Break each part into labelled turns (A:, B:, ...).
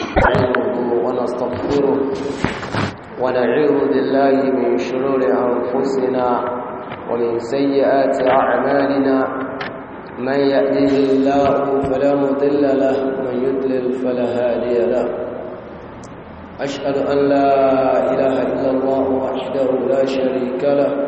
A: نستعينه ونستغفره ونعوذ بالله من شرور أنفسنا ومن سيئات أعمالنا من يأده الله فلا مضل له ومن يضلل فلا هادي له أشهد أن لا إله إلا الله وحده لا شريك له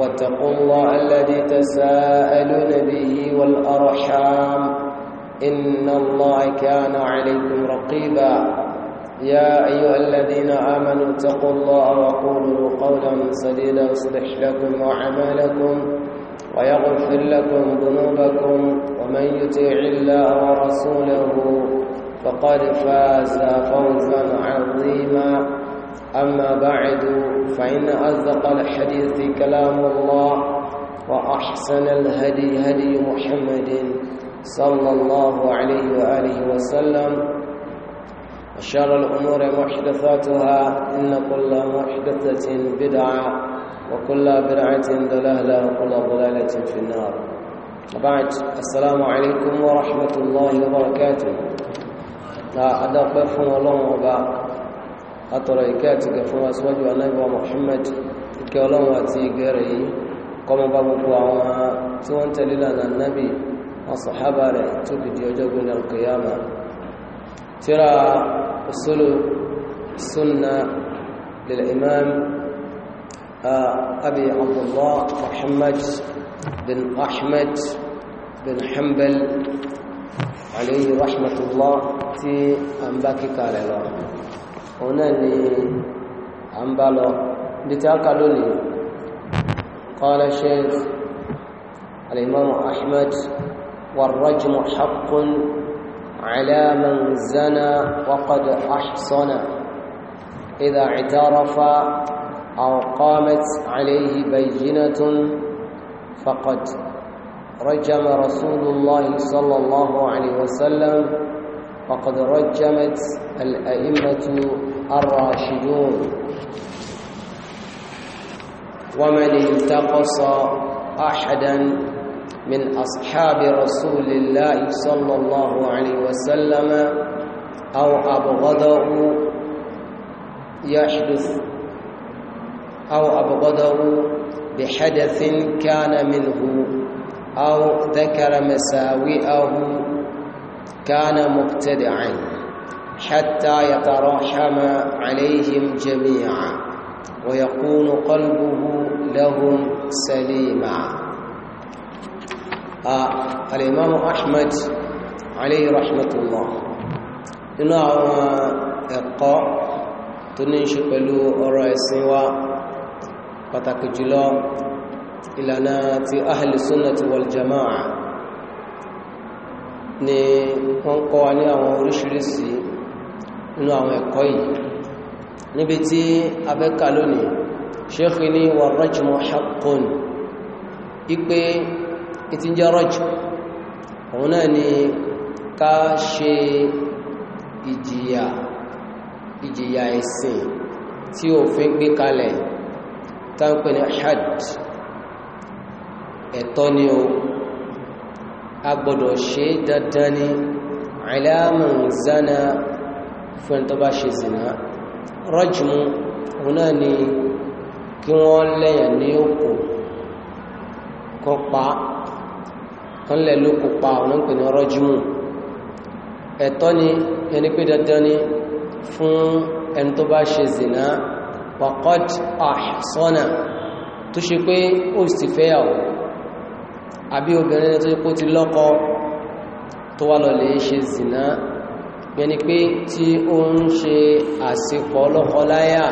A: واتقوا الله الذي تساءلون به والأرحام إن الله كان عليكم رقيبا يا أيها الذين آمنوا اتقوا الله وقولوا قولا سديدا يصلح لكم وعمالكم ويغفر لكم ذنوبكم ومن يطيع الله ورسوله فقد فاز فوزا عظيما أما بعد فإن أذق الحديث كلام الله وأحسن الهدي هدي محمد صلى الله عليه وآله وسلم وشر الأمور محدثاتها إن كل محدثة بدعة وكل بدعة ضلالة وكل ضلالة في النار بعد السلام عليكم ورحمة الله وبركاته أدق أدقف الله وبركاته atọrọ ìkẹ́ àti ìgẹ̀ fún aṣíwájú anábíwá Muhammad ìkẹ́ ọlọ́run àti ìgẹ̀ rẹ̀ yìí kọmọ bá gbogbo àwọn tí wọ́n tẹ̀lé lànà nábì wọn sọ̀hábà rẹ̀ tó fi di ọjọ́ gbé náà kìyàmà tíra usulu sunna lil imam abi abdullah Muhammad bin ahmed bin hanbal alayhi rahmatullah tí a ń kíkà rẹ̀ lọ́wọ́ òun náà ni à ń bá lọ bí tí a kà lonii قال الشيخ الإمام أحمد والرجم حق على من زنى وقد أحصن إذا اعترف أو قامت عليه بينة فقد رجم رسول الله صلى الله عليه وسلم وقد رجمت الأئمة الراشدون ومن انتقص احدا من اصحاب رسول الله صلى الله عليه وسلم او ابغضه يحدث او ابغضه بحدث كان منه او ذكر مساوئه كان مبتدعا حتى يتراحم عليهم جميعا ويكون قلبه لهم سليما آه، الإمام أحمد عليه رحمة الله إنا أقا تنشي بلو الرئيسي و فتاك إلى أهل السنة والجماعة ni wọn kọ ní nínú àwọn ẹ̀kọ́ yìí níbi tí abẹ́ka lónìí ṣéèkì ní wà rajmu haqqun ipe ìtí jẹ́ rajmu òun náà ni ká ṣe ìjìyà ìjìyà ẹ̀sìn tí òfin gbé kalẹ̀ táńpẹ́ ní hajj ẹ̀tọ́ ni o a gbọ́dọ̀ ṣe dandan ni alamun zana fún ẹni tó bá ṣe zìnà rọ́jùmú òun náà ni kí wọ́n lẹ́yìn ní òkú kọ́ pa kan lẹ̀ ló kó pa òun ń pè ní rọ́jùmú ẹ̀tọ́ ni ẹni pé dandan ni fún ẹni tó bá ṣe zìnà waqad ahsana tó ṣe pé ó sì fẹ́yàwó àbí obìnrin tó ṣe pé ti lọ́kọ tó wá lọ lè ṣe zìnà Ni pé tí ó ń ṣe àsìpọ̀ lọ́kọláyà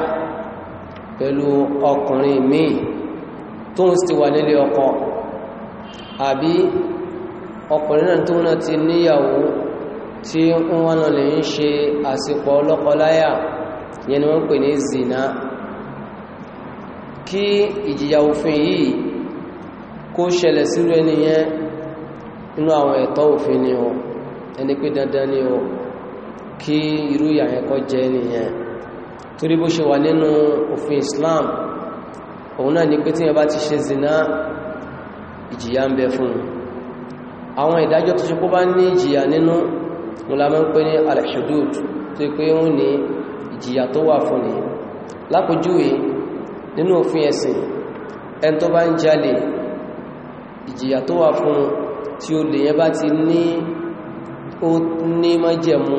A: pẹ̀lú ọkùnrin míì tó ń sì wà nílé ọkọ àbí ọkùnrin náà tó náà ti níyàwó tí wọ́n lè ń ṣe àsìpọ̀ lọ́kọláyà yẹn ni wọ́n pè ní zina kí ìjìyà òfin yìí kó ṣẹlẹ̀ sílùú ẹniyẹn inú àwọn ẹ̀tọ́ òfin ni o ẹni pé dandan ni o kí irú ìyàyẹn kọ́ jẹ nìyẹn torí bó ṣe wà nínú òfin Islam òun náà ni pé tí yẹn bá ti ṣe zina ìjìyà ń bẹ fún àwọn ìdájọ́ tó ṣe kó bá ní ìjìyà nínú wọn la máa ń pè ní al-hudud tó pé wọ́n ní ìjìyà tó wà fún ní lápòjúwe nínú òfin ẹ̀sìn ẹn tó bá ń jalè ìjìyà tó wà fún tí ó lè yẹn bá ti ní ó ní májẹ̀mú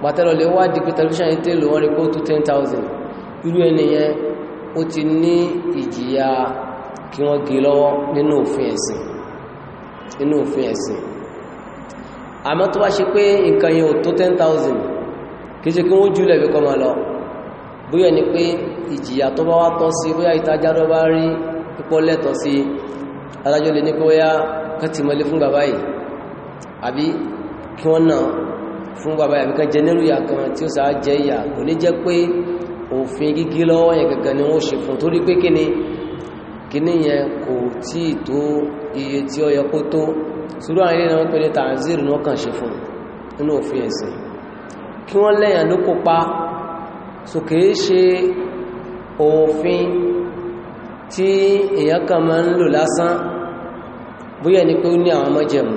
A: gbàtẹ́lọ lè wá di pé tẹlifíṣàn yìí tẹ́lò wọ́n rí kó tó 10,000 irú ẹniyẹn ó ti ní ìjìyà kí wọ́n gé lọ́wọ́ nínú òfin ẹ̀sìn àmọ́ tó wá ṣe pé nǹkan yẹn tó 10,000 kìí ṣe kí wọ́n jùlẹ̀ bí kọ́ lọ bóyá ni pé ìjìyà tó bá wá tọ́ sí bóyá ìtajà tó bá rí pípọ́ lẹ́tọ̀ sí adájọ́ lè ní pé bóyá kẹ́tìmọ́lé fún bàbá yìí àbí kí wọ́n náà fún bàbá yàbí kan jẹ nílùú yà kan tí ó sáà jẹ ìyà kò ní jẹ́ pé òfin gígí lọ́wọ́ yẹn gẹ́gẹ́ ni wọ́n ṣe fún torí pé kíni kíní yẹn kò tí ì tó iye tí ó yẹ kó tó ṣùgbọ́n àwọn ilé náà pé ní tanzir ní wọ́n kàn ṣe fún nínú òfin ẹ̀sìn kí wọ́n lẹ́yìn ló kópa so kìí ṣe òfin tí èèyàn kan máa ń lò lásán bóyá ni pé ó ní àwọn ọmọ jẹ̀mú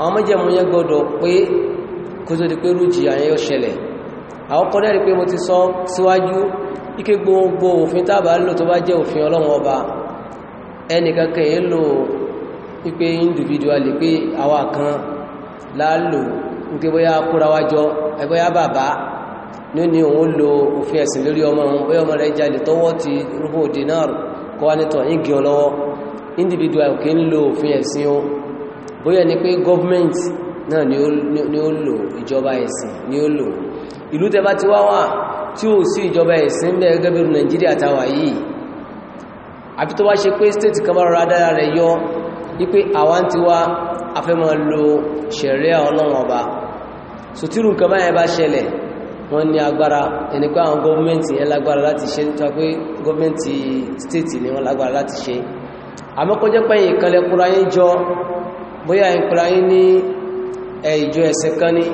A: àwọn ọmọ jẹ̀mú yẹn gbọ́dọ̀ pé kó tó di pé rújì àyẹ́ ṣẹlẹ̀ àwọ́kọ́ dẹ́rì pé mo ti sọ síwájú ike gbogbo òfin tábà lò tó bá jẹ́ òfin ọlọ́run ọba ẹnìkankan yìí lò wípé individual pé àwa kan láàlò wípé bóyá kóra wájọ bàbá ní ó ní òun lo òfin ẹ̀sìn lórí ọmọ òun bóyá ọmọ rẹ̀ jalè tọwọ́ ti rúbò dinar kọ́ wá nítọ̀ yín gí lọ́wọ́ individual kì ń lo òfin ẹ̀sìn o bóyá ni pé government náà ni ó lò ìjọba ẹ̀sìn ni ó lò ìlú tẹba ti wá wà tí ó sí ìjọba ẹ̀sìn bẹ́ẹ̀ gẹ́gẹ́ bí Nàìjíríà tàwà yìí àbí tó wá ṣe pé state kan bá rọra dára rẹ̀ yọ wípé àwa ń ti wá afẹ́mọ́ lo ṣẹ̀ríà ọlọ́run ọba so tí nǹkan báyẹn bá ṣẹlẹ̀ wọ́n ní agbára ẹni pé àwọn gọ́ọ̀mẹ́ntì yẹn lágbára láti ṣe nítorí pé gọ́ọ̀mẹ́ntì state ni wọ́n lágbára láti ṣe àmọ́ kó jẹ́ pẹ́yìn ìkànlẹ̀ jọ bóyá ìkúra ní ẹ ìjọ ẹ̀sìn kan ní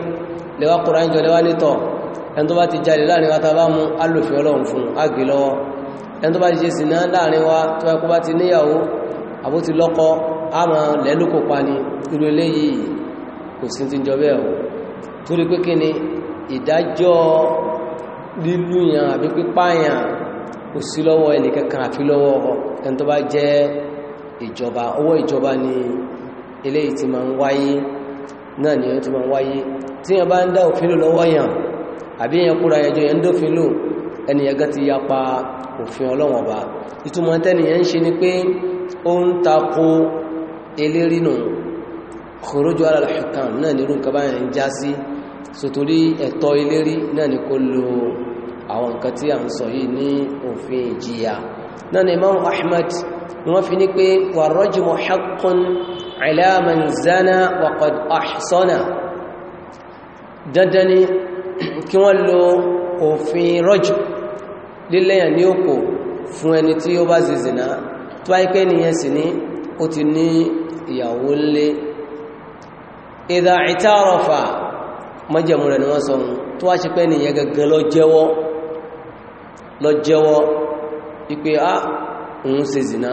A: lẹ́wà kùrán jọ lẹ́wà nítọ̀ ẹn tó bá ti jalè láàrin wa ta mú alòfin ọlọ́run fún àgbè lọ́wọ́ ẹn tó bá ti ṣe sìná láàrin wa tó ẹkú bá ti níyàwó àbó ti lọ́kọ àmà lẹ́lókò pa ni irú eléyìí kò sí ti jọ bẹ́ẹ̀ torí pé kí ni ìdájọ́ lílúyàn àbí pípáyàn kò sí lọ́wọ́ ẹnìkankan àfi lọ́wọ́ ẹn tó bá jẹ́ ìjọba owó ìjọba ni eléyìí ti máa ń wáyé náà ni ó ti máa wáyé tí yẹn bá ń dá òfin lò lọ́wọ́ yàn àbí yẹn kúra ẹjọ́ yẹn ń dófin lò ẹni yẹn gán ti yapa òfin ọlọ́wọ̀n ọba ìtumọ̀ tẹ́ni yẹn ń ṣe ni pé ó ń tako eléré nù kòrójú ala al-hukam náà ní irú ala man zana wa qad ahsana dandan ni kí wọ́n lo òfin rọ́jù lílẹ́yàn ní òkò fún ẹni tí ó bá ṣe zìnà tó wáyé nìyẹn sì ní ó ti ní ìyàwó lé ìdá ìtàrọ̀fà mọ́jẹ̀mú ni wọ́n sọ tó wá ṣe pé nìyẹn gẹ́gẹ́ lọ jẹ́wọ́ lọ jẹ́wọ́ wípé á ah, òun ṣe zìnà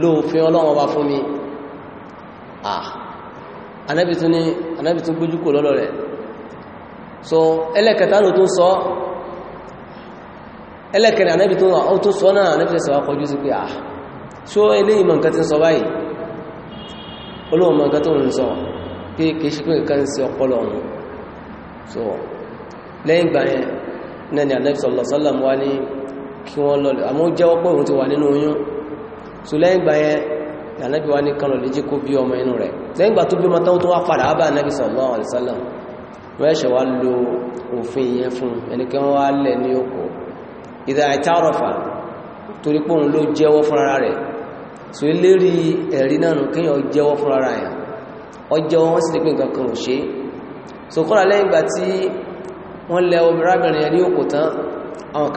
A: lo òfin ọlọ́run ọba fún mi ah anábì tún ní anábì gbójú kò lọ́lọ́ rẹ̀ so ẹlẹ́kẹta ló tún sọ ẹlẹ́kẹrẹ anábì tún ó tún sọ náà anábì tún sọ kọjú sí pé ah ṣó eléyìí mọ̀ nǹkan tí ń sọ báyìí olóhùn nǹkan tó ń sọ so lẹ́yìn ìgbà yẹn náà ni anábì sallallahu alaihi wasallam wá ní kí wọ́n so lẹ́yìn gbà yẹn lànàbí wa ní kanlọ̀ lè jẹ́ kó bí ọmọ inú rẹ̀ lẹ́yìn gbà tó bí ọmọ tán tó wá padà ábà nàbí sallallahu alaihi wasallam wọ́n ṣe wá lo so lérí ẹ̀rí náà kéèyàn jẹ́wọ́ fúnra rẹ̀ ọ jẹ́wọ́ so kọ́ra lẹ́yìn gbà tí wọ́n lẹ obìnrin arábìnrin yẹn ní oko tán àwọn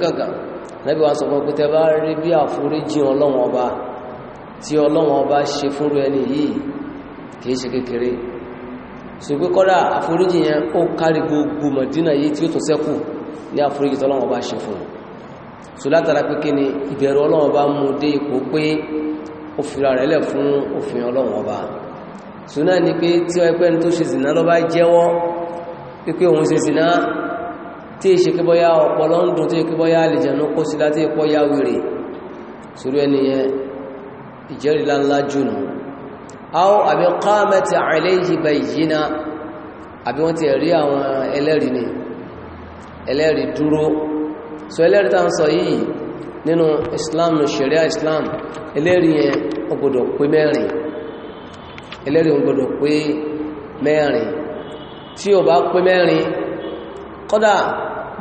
A: kan wá nàbí wa sọ fún pé tẹ́ bá rí bí àforíjì ọlọ́wọ́n ọba tí ọlọ́wọ́n ọba ṣe fúnrú ẹni yìí kìí ṣe kékeré ṣùgbọ́n kọ́dá àforíjì yẹn ó kárí gbogbo Mọ̀dínà yìí tí ó tún ṣẹ́kù ní àforíjì tọ́lọ́wọ́n ọba ṣe fún ni ìbẹ̀rù ọlọ́wọ́n ọba mú dé ipò pé ó fira rẹ̀ lẹ̀ fún òfin ọlọ́wọ́n ọba ṣù náà ni pé tí ọ̀pẹ́ni tó ṣe zìnà lọ́ba jẹ́wọ́ pé tí ìṣe kí bọ́yá ọpọlọ ń dùn tí ìkí bọ́yá àlìjẹ̀nú kó sí láti ìpọ́ yá wèrè sórí ẹniyẹn ìjẹ́rìlá ńlá jùnù áwọ́ àbí qamat alayhi bayyina àbí wọ́n ti rí àwọn ẹlẹ́rìí ni ẹlẹ́rìí dúró so ẹlẹ́rìí tá ń sọ yìí nínú Islam sharia Islam ẹlẹ́rìí yẹn ó pé mẹ́rin ẹlẹ́rìí ó pé mẹ́rin tí ó bá pé mẹ́rin kódà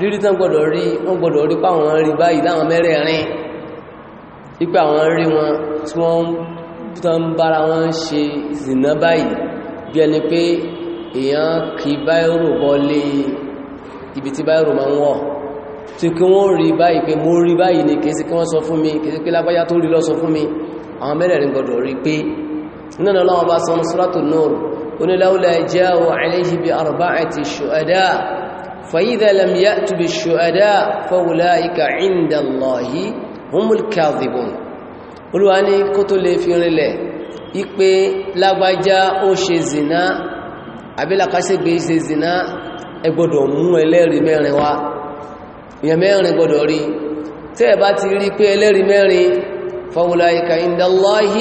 A: rírí tán gbọdọ̀ rí wọ́n gbọdọ̀ rí pa àwọn rí báyìí láwọn mẹ́rẹ̀ẹ̀rin ipé àwọn rí wọn tí wọ́n tán bára wọn ṣe zìnà báyìí bí ẹni pé èèyàn kì báyìí bọ́lé ibi tí báyìí máa ń wọ̀ tí kí wọ́n rí báyìí pé mo rí báyìí ni kìí sí kí wọ́n sọ fún mi kìí sí pé lágbájá tó mi àwọn mẹ́rẹ̀ẹ̀rin gbọdọ̀ rí pé nínú ọlọ́wọ́ Nur oníláwọ́lẹ̀ jẹ́ àwọn àìlẹ́yìn bí arba'ati shuhada فَإِذَا لَمْ يأتوا بالشهداء فأولئك عِنْدَ اللَّهِ هُمُ الكاذبون Olúwa ní kó tó lè fi rinlẹ̀ ìpé lágbájá ó ṣe zìná àbílàkásẹ̀gbé ṣe zìná ẹ gbọ́dọ̀ mú ẹlẹ́rìí mẹ́rin wá èèyàn mẹ́rin gbọ́dọ̀ rí tẹ́ ẹ bá ti rí pé ẹlẹ́rìí mẹ́rin فأولئك عند الله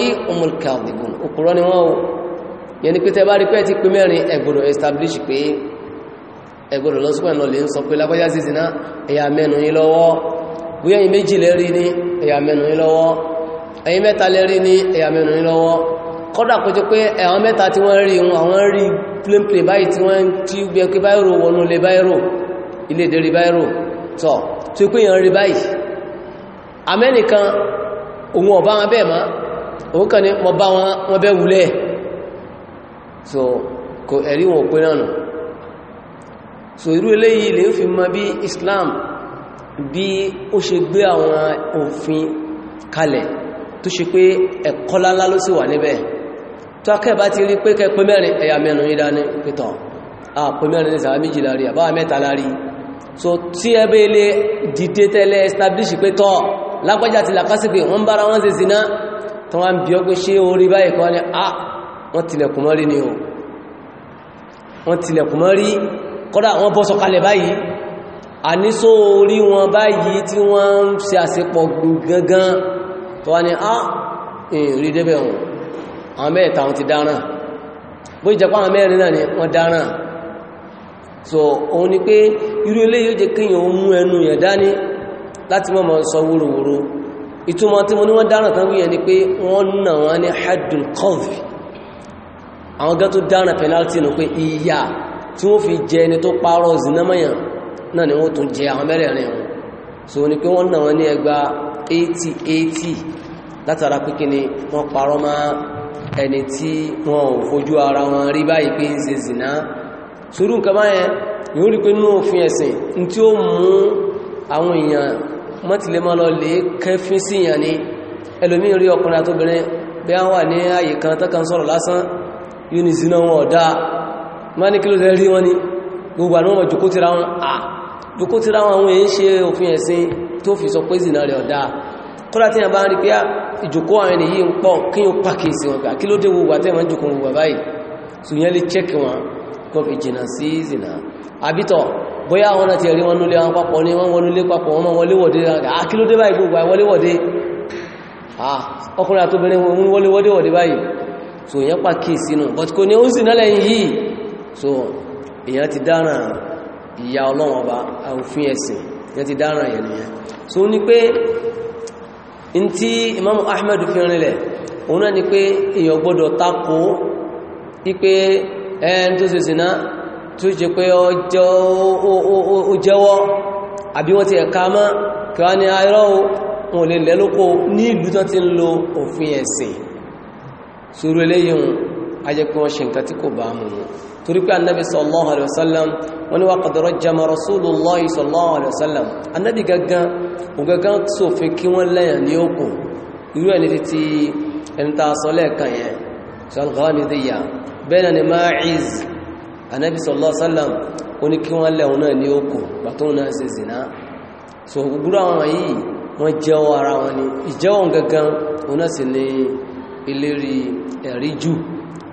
A: òkúrọ́ ni wọ́n o yẹni pé tẹ́ bá rí pé ti pé mẹ́rin ẹ establish pé ẹgbọ́dọ̀ lọ sípẹ̀ lọ lè ń sọ pé lábájá sí síná ẹ̀yà mẹ́nu yí lọ́wọ́ bóyá yìí méjì lẹ́rí ní ẹ̀yà mẹ́nu yí lọ́wọ́ ẹ̀yìn mẹ́ta lẹ́rí ní ẹ̀yà mẹ́nu yí lọ́wọ́ kọ́dà kó jẹ́ pé àwọn mẹ́ta tí wọ́n rí àwọn rí plénplé báyìí tí wọ́n tí gbé pé báyìí wọnú lé so irú eléyìí lè fi mọ bí Islam bí ó ṣe gbé àwọn òfin kalẹ̀ tó ṣe pé ẹ̀kọ́ lálá ló sì wà níbẹ̀ tó akẹ́bá ti rí pé kẹ́ pé mẹ́rin ẹ̀yà mẹ́nu ìdá ní pẹ̀tọ̀ àpẹ mẹ́rin ní sàá méjì lárí àbáwà mẹ́ta lárí so tí ẹbẹ́ ilé dìde tẹ́lẹ̀ establish pé tọ́ lágbájá ti làkásìkè wọ́n bára wọ́n ṣe zina tó wọ́n bí ọgbé ṣe orí báyìí kan ní à wọ́n tilẹ̀kùnmọ́rí ni o wọ́n tilẹ̀kùnmọ́rí kọ́dá wọ́n bọ́ sọ̀kalẹ̀ báyìí a ní só orí wọn báyìí tí wọ́n ń ṣe àṣepọ̀ gangan tó wá ní á rí débẹ̀ wọn àwọn mẹ́ta wọn ti dáràn bó ìjẹpá àwọn mẹ́rin náà ni wọ́n dáràn so òun ni pé irú ilé yóò jẹ kíyàn ó mú ẹnu yẹn dání láti mọ́ sọ wúrowúro ìtumọ̀ tí mo ní wọ́n dáràn tán wíyẹn ni pé wọ́n nà wọ́n ní haddul qadhi àwọn gẹ́ tó dáràn penalty nù pé ìyà tí wọ́n fi jẹ ẹni tó parọ́ zinamaya náà ni wọ́n tún jẹ àwọn mẹ́rẹ̀ẹ̀rin wọn so ni pé wọ́n náà wọ́n ní ẹgbà 80-80 látara pé wọ́n parọ́ máa ẹni tí wọ́n ò fojú ara wọn rí báyìí pé ń zina nǹkan báyẹn yóò rí pé ní òfin ẹ̀sìn tí ó mú àwọn èèyàn lọ lè kẹfín ni ẹlòmí rí ọkùnrin àtóbìnrin bí wọ́n wà ní tọ́kan ma ní kí ló rí wọn ni gbogbo àwọn ọmọ jòkó tíra wọn à jòkó tíra wọn àwọn èyí ṣe òfin ẹ̀sìn tó fi sọ pé zìnà rẹ̀ ọ̀dá kọ́lá tí a bá ń rí pé ìjòkó àwọn ènìyàn yìí ń pọ̀ kí o pàkíyèsí wọn kí ló dé gbogbo àtẹ́ wọn jòkó gbogbo báyìí ṣùgbọ́n lè chẹ́kì wọn kọ́ fi jìnà sí zìnà àbítọ̀ bóyá wọn àti ẹ̀rí wọn nulẹ̀ wọn papọ̀ ní wọn wọlé papọ̀ wọn wọléwọ̀dé kí so èyàn ti dáràn ìyá ọlọ́wọ́n ọba òfin ẹ̀sìn èyàn ti dáràn yẹn nìyẹn so ní pé tí Imam Ahmed fi rinlẹ̀ òun náà ni pé èyàn gbọ́dọ̀ takò wípé ẹn tó tó jẹ pé ó jẹ́wọ́ àbí wọ́n ti ẹ̀ka mọ́ kí wá ní ah, wọn lo wọ́n ṣe nǹkan tí kò bá mú torípé annabi sallallahu alaihi wasallam wọ́n ni wá kàdọ̀rọ̀ jama rasulullahi sallallahu alaihi wasallam annabi gangan ogangan sófin kí wọ́n lẹ́yàn ní òkun irú ẹni títí ẹnta sọlẹ̀ kan yẹn ṣalghamidiyya bẹ́ẹ̀ ni ma'iz annabi sallallahu alaihi wasallam wọ́n ni kí wọ́n lẹ́yàn náà ní òkun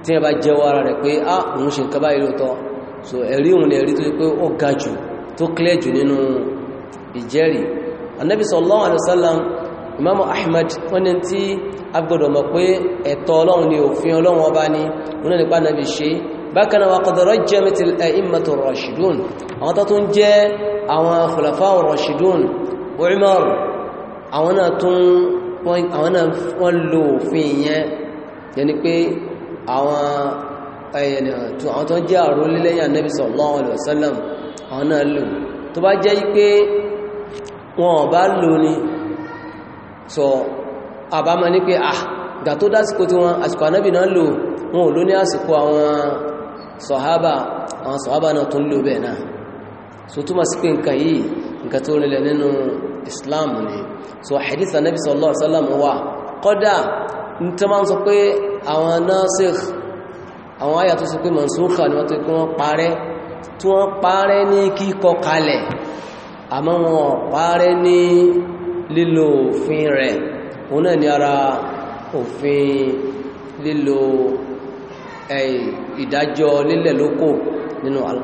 A: tí ẹ bá jẹ́wọ́ ara rẹ̀ pé á ah, òun ṣe nǹkan báyìí lóòótọ́ so ẹ̀rí òun lè rí tó pé ó ga jù tó clear jù nínú ìjẹ́rì Ànábì sallallahu alaihi wasallam Imam Ahmad wọ́n ní tí a gbọ́dọ̀ mọ̀ pé ẹ̀tọ́ Ọlọ́run ni òfin Ọlọ́run ọba ni òun nípa Ànábì ṣe bákan náà waqad rajjamat al-a'immatu ar-rashidun àwọn tó tún jẹ́ àwọn khulafa ar-rashidun àwọn náà tún wọ́n lo òfin yẹn yẹni pé àwọn ẹ̀yẹn eh, àwọn tó jẹ́ àrólé lẹ́yìn Ànábì sallallahu alaihi wasallam àwọn náà lò tó bá jẹ́ wọn bá lò ní sọ àbámọ́ ní pé ah tó dásìkò tí wọn àsìkò náà lò wọn ò ló ní àsìkò àwọn sọ̀hábà náà tó ń lò bẹ́ẹ̀ náà so Islam ni so sallallahu alaihi wasallam kọ́dà ní tí wọ́n sọ pé àwọn nasikh àwọn àyà tó sọ pé mansukha ni wọ́n tó kí wọ́n parẹ́ tí wọ́n parẹ́ ní kíkọ kalẹ̀ àmọ́ wọn parẹ́ ní lílo òfin rẹ̀ òun náà ni ara òfin lílo ìdájọ́ lílẹ̀ lókò nínú al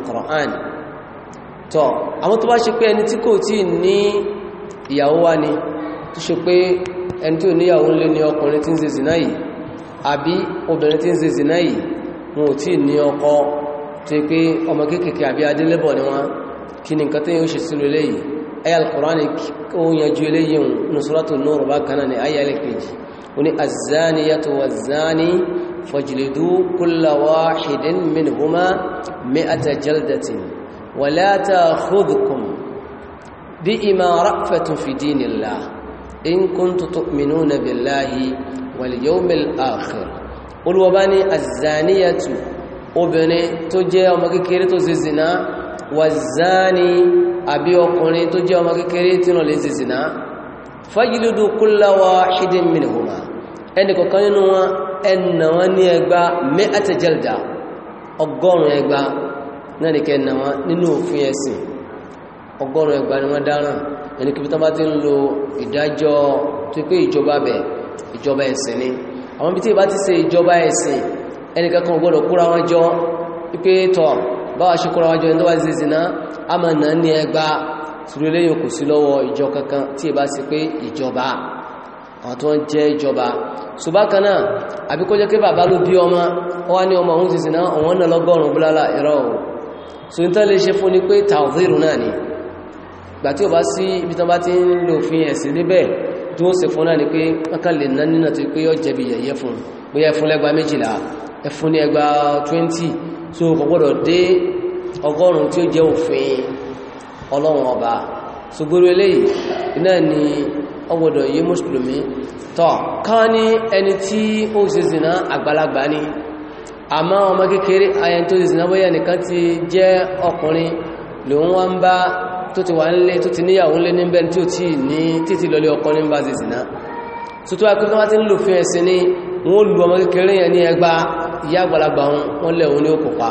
A: tọ́ àwọn tó bá ṣe pé ẹni tí kò tí ní ìyàwó wá ni tó ṣe pé ẹni tí ò níyàwó ń lé ní ọkùnrin tí ń ṣe zìnà yìí àbí obìnrin tí ń ṣe zìnà yìí wọn ò tí ní ọkọ tó yẹ pé ọmọ kéékèèké àbí adélébọ̀ ni wọn kí ni nǹkan téèyàn ó ṣe sílò eléyìí ayé alukùránì ó yanjú eléyìí òun ní ìmọ̀ ráfẹ̀tún fìdí nìlá in kuntu tu'minuna billahi wal yawmil akhir olùwọ́bá ní azaniyatu obìnrin tó jẹ́ ọmọ kékeré tó ṣe zina wà zani àbí ọkùnrin tó jẹ́ ọmọ kékeré tí wọ́n lè ṣe zina fajlidu kulla wahidin minhuma ẹni kọ̀kan nínú wọn ẹnà wọn ní ẹgbà mi'ata jalda ọgọ́rùn ẹgbà náà ní kẹ́ ẹnà wọn nínú òfin ẹ̀sìn ọgọ́rùn ni wọ́n dáràn ẹni kí wọ́n bá ti ń lo ìdájọ́ tó pé ìjọba bẹ̀ ìjọba ẹ̀sìn ni àwọn ibi tí ìbá ti ṣe ìjọba ẹ̀sìn ẹni kankan gbọ́dọ̀ kóra wọn jọ pípé tọ̀ báwa ṣe kóra wọn jọ ẹni tó bá ti ṣe ìsìná a máa nà ní ẹgbà tùrẹ́lẹ́yìn kò sí lọ́wọ́ ìjọ kankan tí ìbá ṣe pé ìjọba àwọn tó ń jẹ́ ìjọba ṣùgbákaná àbí kó jẹ́ kí bàbá ló bí ọmọ ó wá ní ọmọ òun ti sìnà náà lọ́gọ́rùn-ún búlálà ìrọ̀ ohun so ní lè ṣe fún ní pé tàwírù náà ni gbà tí ó bá sí ibi tán bá ti ń lò fi ẹ̀sìn níbẹ̀ tí ó sì fún náà ni pé kankan lè ná nínà tó pé ó jẹbi yẹ̀yẹ́ fún bóyá ẹfún lẹ́gba méjìlá ẹfún ní ẹgba 20 tó kò gbọ́dọ̀ dé ọgọ́rùn tí ó jẹ́ òfin ọlọ́run ọba ṣùgbọ́n eléyìí náà ni ọgbọ̀dọ̀ yé mùsùlùmí tọ́ kán ní ẹni tí ó ṣe zìnà àgbàlagbà ni àmá ọmọ kékeré ayẹn tó ṣe zìnà nìkan ti jẹ́ ọkùnrin lòun wá ń bá tó ti wà nílé tó ti níyàwó nílé ní bẹ́ẹ̀ tí ó ti ní títí lọlé ọkọ ní bá zìzì náà tó tó akẹ́kọ́ wá tí ń lò fi ẹ̀sìn ní wọ́n lù ọmọ kékeré yẹn ní ẹgbá ìyá àgbàlagbà wọn lẹ̀ òun ní òkùnpá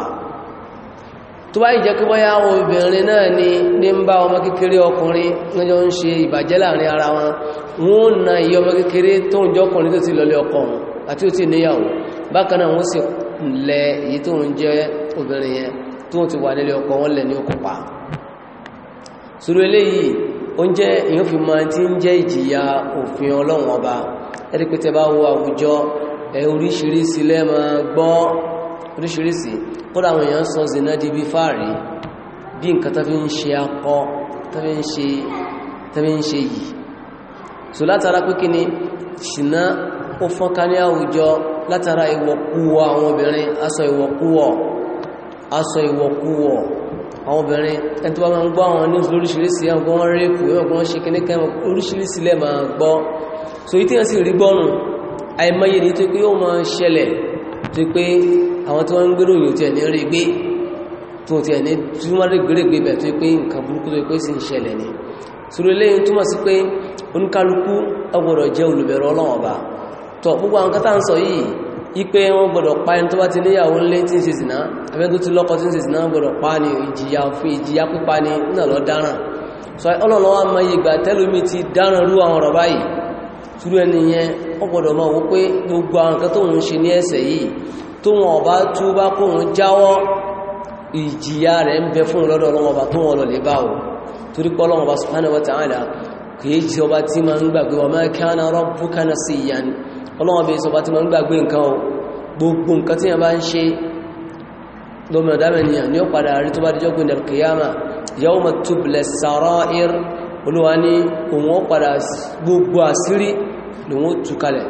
A: tó bá ìjẹ́ kí wọ́n yá obìnrin náà ni ní ń tó wọ́n ti wà nílé ọkọ wọn lẹ̀ ní òkùnpá soro eléyìí oúnjẹ èyàn fi máa ti ń jẹ́ ìjìyà òfin ọlọ́run ọba ẹ̀rí pé tẹ bá wo àwùjọ ẹ oríṣiríṣi gbọ́ oríṣiríṣi kódà àwọn sọ zina di bí fáàrí bí nǹkan tó fi ń ṣe akọ tó fi ń ṣe yìí so látara pé ni ṣìná ó fọ́nká ní àwùjọ látara ìwọ̀kúwọ̀ àwọn obìnrin aṣọ ìwọ̀kúwọ̀ aṣọ àwọn obìnrin ẹni tó bá máa ń gbọ́ àwọn news lóríṣiríṣi ẹ̀kọ́ wọn rí èkó ẹ̀kọ́ wọn ṣe kíní kẹ́wọ̀n oríṣiríṣi lẹ́ máa gbọ́ so ìtí yẹn sì rí gbọ́nù àìmọye ní tó pé ó máa ṣẹlẹ̀ tó pé àwọn tí wọ́n ń gbérò yóò tiẹ̀ ní rí gbé tó tí ipe wọn gbọdọ̀ pa ẹni tó bá ti níyàwó ńlé tí ń ṣe zìná abẹ́ni tó ti lọ́kọ tí ń ṣe zìná gbọdọ̀ pa ní ìjìyà fún ìjìyà pípa ní ìnàlọ́ dáràn so ọlọ́lọ́ wa ma yìgbà tẹ́lómi ti dáràn rú àwọn ọ̀rọ̀ báyìí túrú ẹni yẹn gbọdọ̀ wó pé gbogbo àwọn tó ọba ọlọ́wọ́n bí sọba tí ma ń gbàgbé nǹkan o gbogbo nǹkan tí yẹn bá ń ṣe lọ́mọ ìdámẹ́niyàn ni ó padà rí tó bá díjọ́ gbé nàìjíríà yawma tubla sarair olúwa ní òun ó padà gbogbo àṣírí lòun ó túkalẹ̀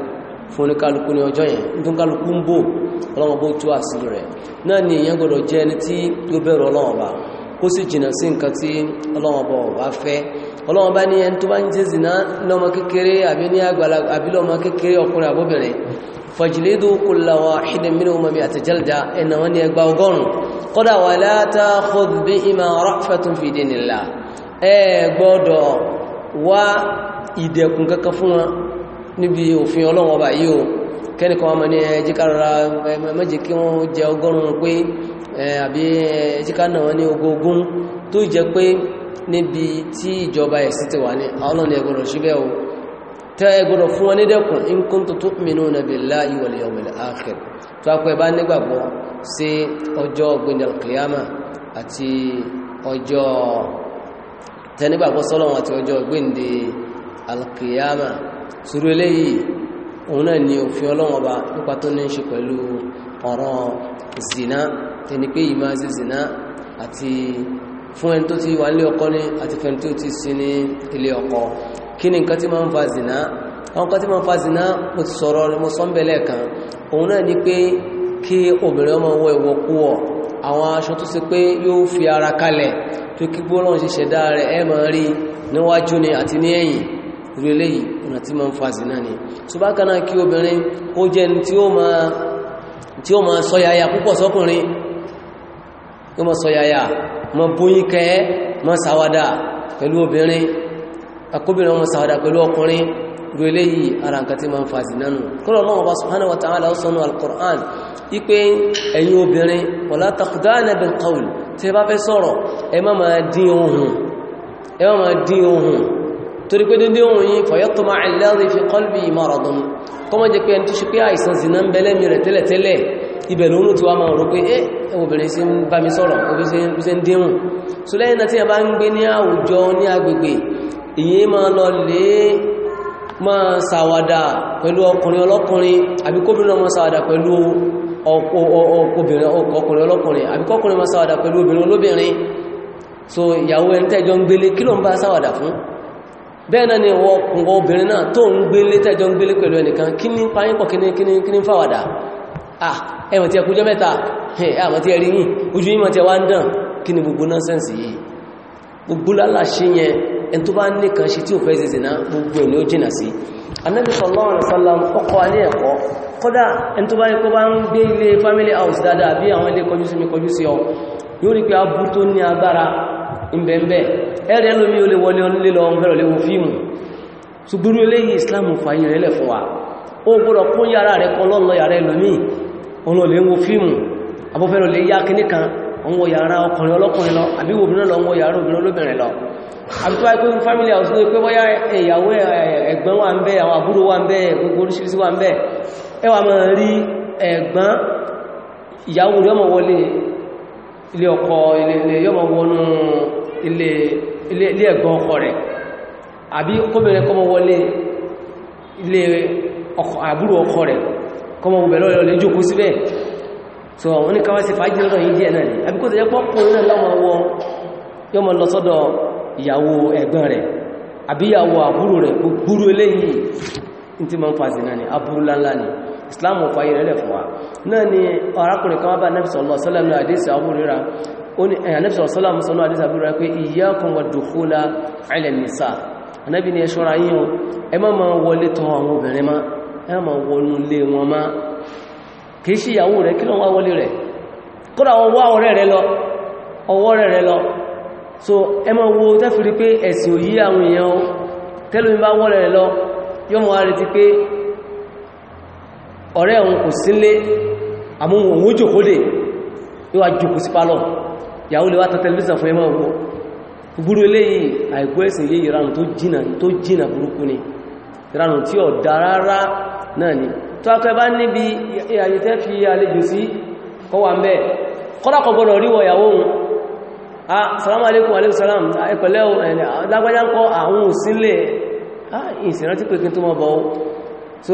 A: fún kálukú ní ọjọ́ yẹn nítorí ni èèyàn gbọdọ̀ jẹ́ ẹni tí ó bẹ̀rù ọlọ́wọ́n bá kó sì jìnà sí ọlọ́wọ́n bá ní ẹni tó bá ń jẹ́ zìná lọ́mọ kékeré àbí ní àgbàlagbà àbí lọ́mọ kékeré ọkùnrin àbóbìnrin fajlidu kulla wahidin minhuma mi'ata jalda ẹ̀nà wọn ni ẹgbà ọgọ́rùn kọ́dà wala ta'khudh bihima ra'fatun fi dinillah ẹ gbọ́dọ̀ wá ìdẹ̀kùn kankan fún wọn níbi òfin ọlọ́wọ́n bá yíò kẹ́nìkan wọn ni ẹjíkàrọ̀ra mẹ́jì tó jẹ pé níbi tí ìjọba ẹ̀sí ti wà ní ọlọ́ni ẹgbọ́rọ̀ ṣíbẹ̀ o tẹ́ ẹgbọ́rọ̀ fún wọn nídẹ̀kùn in kuntum tu'minuna billahi wal yawmil akhir tó apẹ́ bá nígbàgbọ́ sí ọjọ́ gbìndàn kìyàmà àti ọjọ́ tẹ́nígbàgbọ́ sọ́lọ́wọ́n àti ọjọ́ gbìndì alkìyàmà sùrù eléyìí òun náà ni òfin ọlọ́wọ́n bá nípa tó ní ṣe pẹ̀lú ọ̀rọ̀ zina tẹni pé ìmáa zina àti fún ẹni tó ti wà nílé ọkọ ní àti fún ẹni tó ti sí ní ilé ọkọ kí ni nǹkan tí máa ń fa zìnà àwọn nǹkan tí máa ń fa zìnà mo ti sọ̀rọ̀ mo sọ ń bẹ̀lẹ̀ kan òun náà ni pé kí obìnrin ọmọ wọ ìwọ kú ọ àwọn aṣọ tó ṣe pé yóò fi ara kalẹ̀ tó kí gbólóhùn ṣiṣẹ́ dá rẹ̀ ẹ máa rí níwájú ni àti ní ẹ̀yìn irú eléyìí ọ̀nà tí máa ń fa zìnà ni tó bá kan náà kí obìnrin ó jẹ́ ni tí ó máa sọ́yàyà púpọ̀ sọ́kùnrin yóò mọ́ sọ̀yàyà mọ́ bóyínkẹ́ mọ́ sàwádà pẹ̀lú obìnrin akóbìnrin mọ́ sàwádà pẹ̀lú ọkùnrin gbélé yìí ara nǹkan tí ma ń fa sí nánú kúrò lọ́wọ́ bá subhanahu wa ta'ala sọ́nà al-Qur'an ipé ẹ̀yin obìnrin wala taqdana bil qawl tí ẹ bá fẹ́ sọ̀rọ̀ ẹ má máa dín ohùn jẹ́ pé ẹni tó ṣe pé àìsàn sí náà ń bẹ́lẹ́mì rẹ̀ tẹ́lẹ̀tẹ́lẹ̀ ibẹ̀ na tí wá máa rò pé eh, obìnrin sí ń bá mi sọ̀rọ̀ obìnrin sí ń dínrùn so lẹ́yìn tí a bá ń gbé ní àwùjọ ní agbègbè èyí lọ lè ma sawada pẹ̀lú ọkùnrin ọlọ́kùnrin àbí kóbìnrin máa ṣàwàdà pẹ̀lú ọkùnrin ọlọ́kùnrin so ni wọ́n obìnrin náà tó ń gbélé tẹ́jọ ń gbélé pẹ̀lú ẹnìkan kí ní Ah, ẹ̀wọ̀n tí ẹ kújọ mẹ́ta àwọn tí ẹ rí yìí ojú yìí mọ̀ tí ẹ wá ń dàn kí ni gbogbo nọ́sẹ̀nsì yìí gbogbo lálà ṣe yẹn ẹn tó bá nìkan ṣe tí ò fẹ́ ṣe náà gbogbo ẹ̀ ni ó jìnà sí Ànábì sallallahu alaihi wasallam ọkọ̀ ní ẹ̀kọ́ kódà ẹn tó bá yẹ kó bá ń gbé ilé family Islam fàyí rẹ̀ fún wa ó gbọ́dọ̀ kún yàrá rẹ̀ kan lọ́lọ́ yàrá ẹlòmíì òun olè ń wo fíìmù abúfẹ́ olè yá kí níkan òun wọ yàrá ọkùnrin ọlọ́kùnrin lọ àbí obìnrin lọ wọ yàrá obìnrin olóbìnrin lọ àbí tó wáyé pé fún family house ní pé bóyá ìyàwó ẹ̀gbọ́n wà ń bẹ àwọn àbúrò wà ń bẹ gbogbo oríṣiríṣi wà ń bẹ ẹ wà máa rí ẹ̀gbọ́n ìyàwó rẹ̀ kọmọ òbẹ̀ lọ́rẹ̀ lè jòkó síbẹ̀ so àwọn ní káwàá sí fàájì lọ́dọ̀ yìí díẹ̀ náà ni àbíkò tó jẹ́ pọ́kùnrin náà yọ́mọ wọ yọ́mọ lọ sọ́dọ̀ ìyàwó ẹ̀gbọ́n rẹ̀ àbí ìyàwó àbúrò rẹ̀ gbúrú eléyìí tí ma ń fàájì náà ni àbúrú láńlá ni Islam ọ̀fà yìí rẹ̀ fún wa náà ni arákùnrin kan bá nẹ́fisọ̀ lọ sọ́lá ní àdéṣà àbúrúra ó ní ẹ̀yà nẹ́fisọ̀ sọ́lá mú sọ́nà ma wọlé tọ́ àwọn obìnrin máa ẹ ma wọnú lé wọn má kìí ṣe ìyàwó rẹ̀ kí lọ wá wọlé rẹ̀ kódà wọn wá ọ̀rẹ́ rẹ̀ lọ ọwọ́ rẹ̀ rẹ̀ lọ so ẹ ma wo tẹ́fìrí pé ẹ̀sìn òyí àwọn èèyàn o tẹ́lómi bá wọ́rẹ̀ rẹ̀ lọ yọ́ mọ̀ àrètí pé ọ̀rẹ́ òun kò sílé àmúhùn òun jòkóde yóò wá jòkó sí pálọ̀ ìyàwó lè wá tan tẹlifíṣàn fún ẹmọ́ ọgbọ́ gbúrú eléyìí tí ọ̀ dára rárá náà ni tó akẹ́ bá níbi àyè tẹ́ fi àlejò sí kọwà ń bẹ́ kọ́lákọ̀ gbọ́nà ríwọ̀ ìyàwó òun a salamu alaikum alaikum salam ẹ̀pẹ̀lẹ́ lágbàjá ń kọ́ àwọn òsílẹ̀ ìsìnrántí pẹ̀kín tó mọ́ bọ́ so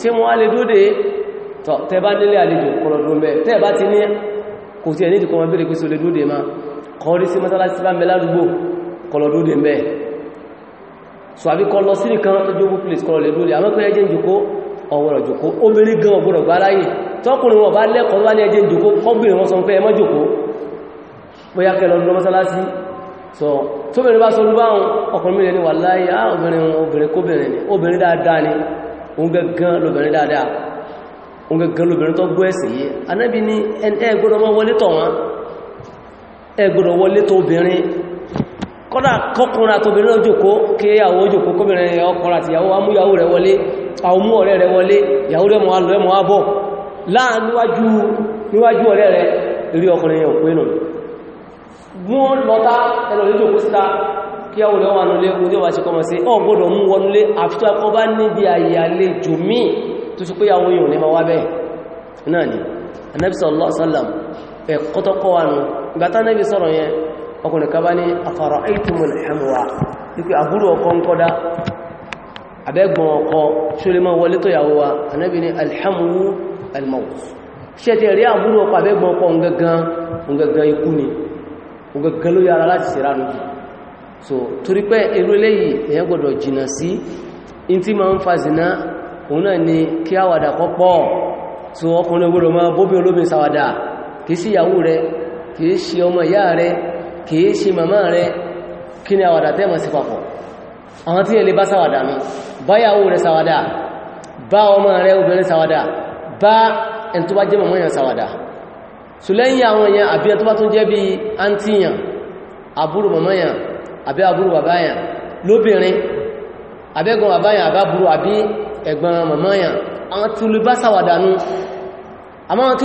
A: ṣe wọ́n alẹ́ dóde tẹ́ bá nílé àlejò kọlọ̀dún bẹ́ tẹ́ bá ti ní kò tí ẹ̀ ní ìdíkọ́ mọ́bílẹ̀ pé so lè dóde ma kọrí sí mọ́sálásí bá mẹ́lá dúgbò kọlọ̀dún bẹ́ so àbíkọ́ lọ sí nìkan tó jókòó place kọlọ̀lẹ̀ dóde àmọ́ pé ẹjẹ́ ìjòkó ọwọ́rọ̀ jòkó obìnrin gan ọgbọ̀rọ̀ gbá láyé tọ́kùnrin wọn bá lẹ́kọ̀ọ́ wá ní ẹjẹ́ jòkó kọ́bìnrin wọn sọ pé ẹmọ́ jòkó bóyá kẹlọ lọ mọ́sálásí sọ tóbìnrin bá sọrú bá ọkùnrin ní wà láyé obìnrin obìnrin kóbìnrin ni obìnrin dáadáa ni òun gẹ́gán lóbìnrin dáadáa òun kọ́dà kọkùnrin àtòbìnrin òjòkó kí yàwó òjòkó kóbìnrin ọkùnrin àti yàwó amúyàwó rẹ̀ wọlé àwọmú ọ̀rẹ́ rẹ̀ wọlé yàwó rẹ̀ mọ́ alọ́ ẹmọ́ abọ́ láàáníwájú ọ̀rẹ́ rẹ̀ rí ọkùnrin yẹn òpé nù wọ́n lọ́ta ẹlọ lójòkó síta kí yàwó rẹ̀ wọ́n anulé oní ọwà síkọmọ sí ọgbọ́dọ̀ mú wọnúlé àfitọ́ ẹkọ́ bá níbi àyàlé jùmí tó sì pé yàwó yìí ní ma náà ni anẹ́bìsọ̀ yẹn ọkùnrin ká bá ní afọ̀rọ̀ aitumul hamwa wípé àbúrò ọkọ ń kọ́dá abẹ́gbọ̀n ọkọ ṣe lè máa wọlé tó yàwó wa anábi ní alhamu almaus ṣe ti rí àbúrò ọkọ abẹ́gbọ̀n ọkọ ǹgangan ikú ni ǹgangan so torí pé irú eléyìí èyàn gbọdọ̀ jìnà sí in ni kí àwàdà kọ́pọ̀ so ọkùnrin gbọdọ̀ máa bóbi olóbin sàwàdà kìí sí ìyàwó rẹ kìí sí ọmọ ìyá rẹ kìí ṣe màmá rẹ kí ni àwàdà tẹ́mọ̀ sí papọ̀ àwọn tí ilé bá sàwàdà mi báyàwó rẹ sàwàdà bá ọmọ rẹ obìnrin sàwàdà bá ẹn tó bá jẹ́ màmá yàn sàwàdà so lẹ́yìn àwọn èèyàn àbí ẹn tó bá tún jẹ́ bí antíyàn àbúrò màmá yàn àbí àbúrò bàbá yàn lóbìnrin àbẹ́gbọ́n bàbá yàn àbábúrò àbí ẹ̀gbọ́n màmá yàn àwọn tí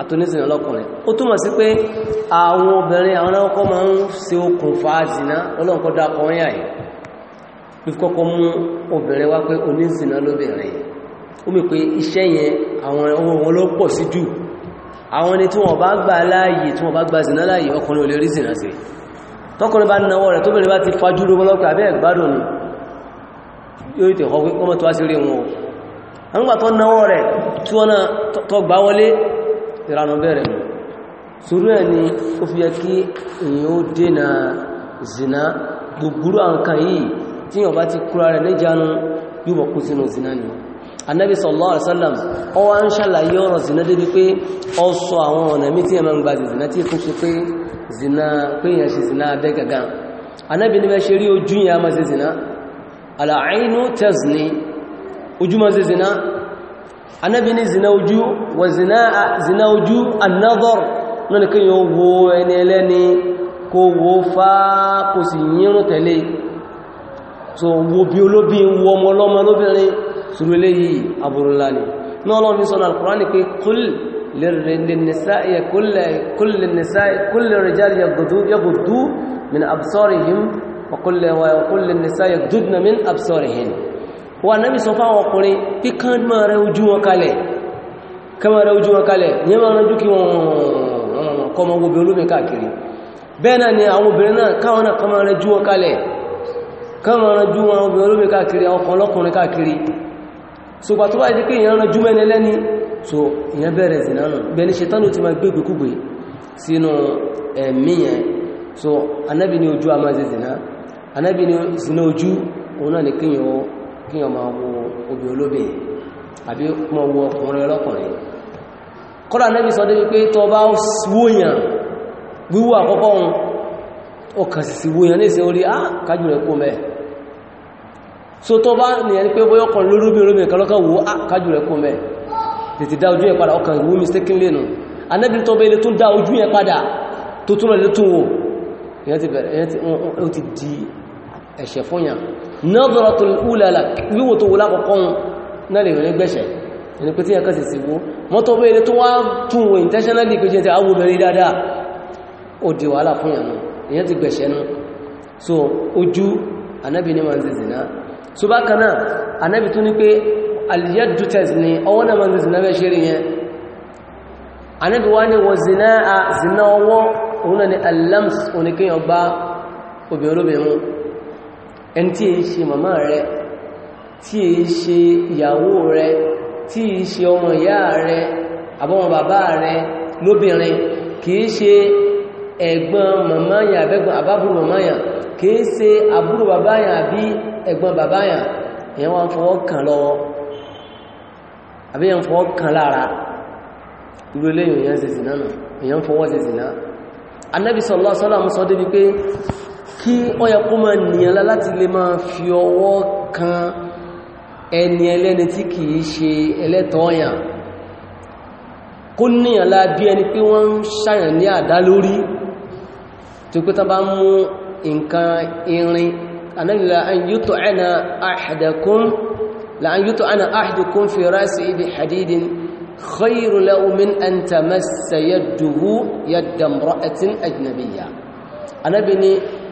A: àtúnísìn ọlọ́kùnrin ó túnmọ̀ sí pé àwọn obìnrin àwọn ọkọ̀ máa ń ṣe okùnfà zìná ọlọ́nkọ́ dákọrin àyè ìfọ́kọ́ mú obìnrin wá pé onísìná lóbìnrin ó mì pé iṣẹ́ yẹn àwọn ohun ló pọ̀ sí jù àwọn ni tí wọ́n bá gbà láàyè tí wọ́n bá gbà zìná láàyè ọkùnrin ò lè rí zìná sí tọkùnrin tó wá ìranù bẹ̀rẹ̀ nù sùúrù ẹ̀ ni ó fi yẹ kí èyàn ó dènà zina gbogbo àǹkan yìí tí yàn bá ti kúra rẹ̀ níjánu yóò mọ̀ kú sínú zina ni anábi sallallahu alaihi wasallam ó wá ń ṣàlàyé ọ̀rọ̀ zina débi pé ó sọ àwọn ọ̀nà mí tí yàn máa ń gba zina tí kún ṣe anábi ní zina ojú wà zina ojú annador náà kí yíò wo ẹni ẹlẹ́ni kó wo fa kò sì yírùn tẹ̀lé so wo bí olóbi wo ọmọ ọlọ́mọ lóbìnrin sùrù eléyìí àbúrúlá ni náà lọ́nà ní sọ́nà alkùránì pé kúl للنساء كل كل النساء كل الرجال يغضوا يغضوا من ابصارهم وكل وكل النساء يغضن من ابصارهن wa náà bí sọ fáwọn ma kí oju máa rẹ ojú wọn kalẹ̀ kán rẹ ojú wọn kalẹ̀ ní nye rẹ ojú kí wọn kọmọ gbogbo olómi káàkiri bẹ́ẹ̀ náà ni àwọn obìnrin náà káwọn wọn kalẹ̀ kán rẹ ojú wọn obìnrin olómi káàkiri ọkọ̀ ọlọ́kùnrin káàkiri so pàtó bá ìdí pé ìyẹn so ìyẹn bẹ̀rẹ̀ zìnà náà bẹ́ẹ̀ ni ṣetán ló ti máa gbégbé kúgbé sínú ẹ̀mí so anabi ni oju a máa ni kí wọ́n máa wo obì olóbìn àbí mọ́ wo ọkùnrin ọlọ́kùnrin kọ́lá nẹ́bí sọ débi pé tọ́ bá wóyàn wíwú àkọ́kọ́ ohun ó kà sì sí wóyàn ní ìsẹ́ orí ah kájú rẹ̀ kó mẹ́ so tọ́ bá nìyàn pé bóyọ́ kan lórúbìn olóbìn kan lọ́kàn wó ah kájú rẹ̀ kó mẹ́ tètè dá ojú ẹ̀ padà ọkàn ìwú mistaken lẹ́nu anẹ́bí tọ́ bá ilé tún dá ojú ẹ̀ padà tó tún lọ ilé tún wò ìyẹn ti bẹ̀rẹ̀ ìyẹn ti di ẹ̀ṣẹ̀ fúnyàn nadratul ulala wíwò tó wùlá kọ̀kan náà lè rẹ̀ gbẹ̀ṣẹ̀ ẹni pé tí ẹ̀kọ́ sì sí wó mọ́tọ̀ bẹ́ ilé tó wá tún wọ intentionally pé jẹ́ so ojú anábì ní manzi zina so bákaná anábì tún ní pé aliyadu test ni ọwọ́ náà manzi zina bẹ́ ṣe rí yẹn anábì wá ní wọ zina a obìnrin olóbìnrin ẹni tí èyí ṣe màmá rẹ tí èyí ṣe ìyàwó rẹ tí èyí ṣe ọmọ ìyá rẹ àbọ́mọ bàbá rẹ lóbìnrin kìí ṣe ẹ̀gbọ́n màmáyà àbẹ́gbọ́n àbábúrò màmáyà kìí ṣe àbúrò bàbáyà àbí ẹ̀gbọ́n bàbáyà èyàn wọ́n fọwọ́ kàn lọ́wọ́ àbí èyàn fọwọ́ kàn lára irú eléyìn èyàn ṣe zìnà náà èyàn fọwọ́ ṣe kí ó yẹ kó máa nìyànlá láti lè máa fi ọwọ́ kan ẹni ẹlẹ́ni tí kìí ṣe ẹlẹ́tọ̀ ọ̀yàn kó níyànlá bí ẹni pé wọ́n ń ṣàyàn ní àdá lórí tó pé tán bá mú nǹkan irin anáyìnlá an yútọ̀ ẹ̀nà ahadakum la an yutu ana ahdukum fi rasi bi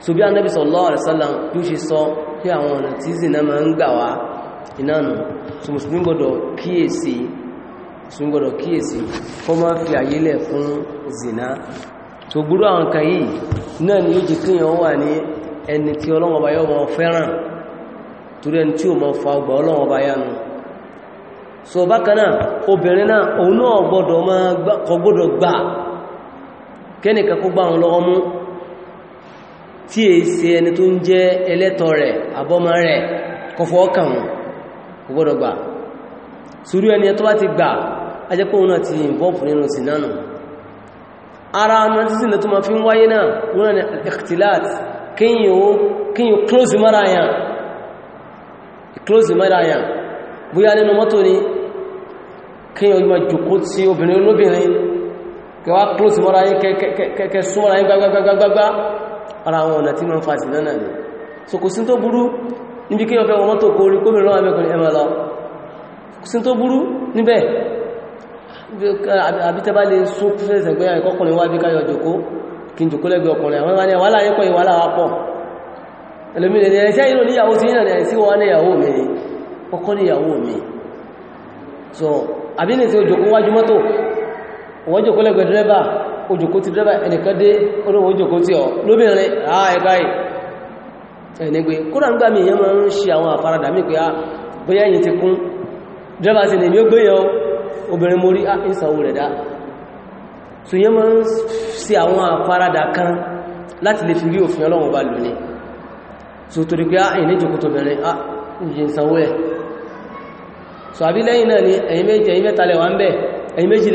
A: so bí anábì sallallahu alaihi wasallam bí ó ṣe sọ pé àwọn ọ̀nà tí zina máa ń gbà wá ìnánu so mùsùlùmí gbọdọ̀ kíyèsí mùsùlùmí gbọdọ̀ kíyèsí kọ́ máa fi àyílẹ̀ fún zina so gbúrú àwọn kan yìí náà ni yíjì kíyàn wà ní ẹni tí ọlọ́wọ́ bá yọ́ mọ́ fẹ́ràn torí ẹni tí ó mọ́ fa ọgbà ọlọ́wọ́ bá yánu so bákanáà obìnrin náà òun náà gbọdọ̀ gbà kẹ́nìkan kó gbà wọn lọ́wọ́ mú tí è se ẹni tó ń jẹ́ ẹlẹ́tọ̀ rẹ̀ àbọ́mọ rẹ̀ kọfọ́ ọkàn gbà ẹni tó bá ti gbà ajẹ́kọ́ náà ti involve nínú sí ara ọ̀nà tó ma fi ń wáyé náà wọ́n náà ni ikhtilat kíyàn ara àwọn ọ̀nà tí ma ń fa sí lọ́nà ni so kò sí tó burú níbi kí ọfẹ́ wọn mọ́tò kó orí kómi lọ́wọ́ ẹgbẹ̀kùnrin ẹmà lọ kò sí tó burú níbẹ̀ àbítẹ́bá lè sún fẹ́sẹ̀gbẹ́ ẹ̀kọ́kùnrin wá bí káyọ̀ jòkó kí n jòkó lẹ́gbẹ̀ẹ́ ọkùnrin àwọn ìwà láyé ni ẹ̀ṣẹ́ ìlú níyàwó sí ìrìnà sí wọ́n so àbí ní ti òjòkó wájú ojòkó ti dẹ́bà ẹnìkan dé olówó ojòkó tí ọ lóbìnrin ààbáyì ah, ẹnigbé kúrò ń gbá mi èyàn máa ń ṣe àwọn àfaradà mí pé a ah, bóyá yìí ti kún dẹ́bà ti nìmi gbéyàn obìnrin mórí ìsanwó ah, rẹ̀ so yẹn máa ń ṣe àwọn àfaradà kan láti lè fi so torí pé a ìní ìjòkó tó so àbí lẹ́yìn náà ni ẹ̀yìn méjì ẹ̀yìn mẹ́ta lẹ̀ wà ń bẹ̀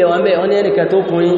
A: wọ́n ní ẹnìkẹ́ tó kùnrin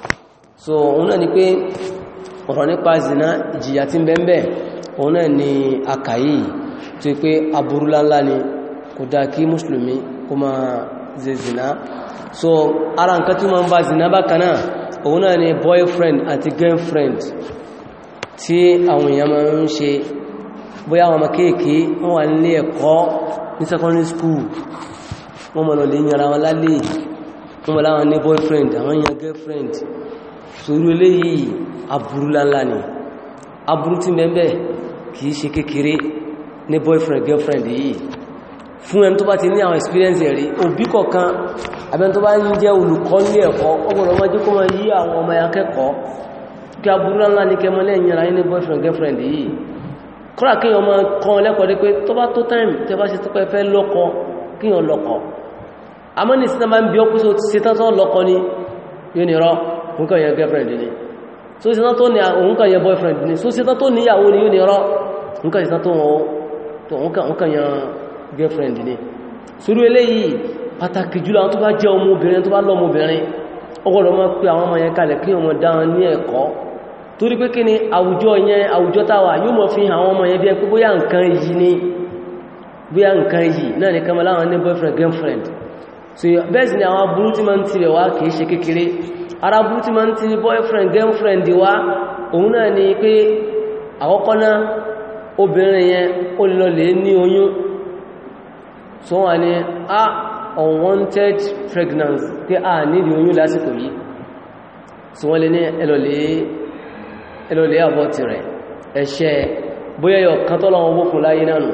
A: so òun náà ni pé ọ̀rọ̀ nípa zina ìjìyà tí ń bẹ ń bẹ òun náà ni akàyí tó yí pé aburúláńlá ni kò dá kí mùsùlùmí kó máa zẹ zina so ara nǹkan tí wọ́n ń bá zina bákanáà òun náà ni boyfriend àti girlfriend tí àwọn èèyàn máa ń ṣe bóyá àwọn ọmọ wọ́n wà nílé ẹ̀kọ́ ní secondary school wọ́n mọ̀ lọ lè yànra wọn lálẹ́ wọ́n mọ̀ láwọn ní boyfriend àwọn èèyàn girlfriend sòrò eléyìí aburú lánlá ni aburú tí mẹ́mẹ́ kìí ṣe kékeré ní boyfriend girlfriend yìí fún ẹni tó bá ti ní àwọn experience rí òbí kọ̀kan abẹ́ni tó bá ń jẹ́ olùkọ́ ní ẹ̀kọ́ ọgbọ̀nà ọmọdé kó máa yí àwọn ọmọ akẹ́kọ̀ọ́ kí aburú lánlá ní boyfriend girlfriend yìí kọ́lá kí ọmọ kan lẹ́kọ̀ọ́ dé pé tó time tẹ bá ṣe tó pẹ́ fẹ́ lọ́kọ kí ọ lọ́kọ àmọ́ ní sinimá ń bí ní òun kàn yẹn girlfriend ni so ṣe tán tó ní òun kàn yẹn boyfriend ni so ṣe tán tó níyàwó ni yóò ní ọ̀rọ̀ òun kàn ṣe tán tó òun kàn yẹn girlfriend ni sórí eléyìí pàtàkì jùlọ àwọn tó bá jẹ́ ọmọbìnrin tó bá lọ́mọbìnrin ọgbọ̀dọ̀ mọ́ pé àwọn ọmọ so bẹ́ẹ̀ sì ni àwọn burú tí ma ń tirẹ̀ wá kìí ṣe kékeré ara burú tí ma ń tiri boyfriend girlfriend wá òun náà ni pé àkọ́kọ́ náà obìnrin yẹn ó lọ lè ní oyún so wà ní a unwanted pregnancy pé a nídi oyún lásìkò yìí so wọ́n lè ní ẹlọ́lẹ̀ àbọ̀tì rẹ̀ ẹ̀ṣẹ́ bóyẹ̀ ọ̀kan tọ́lọ́wọ́ fún láyé náà nù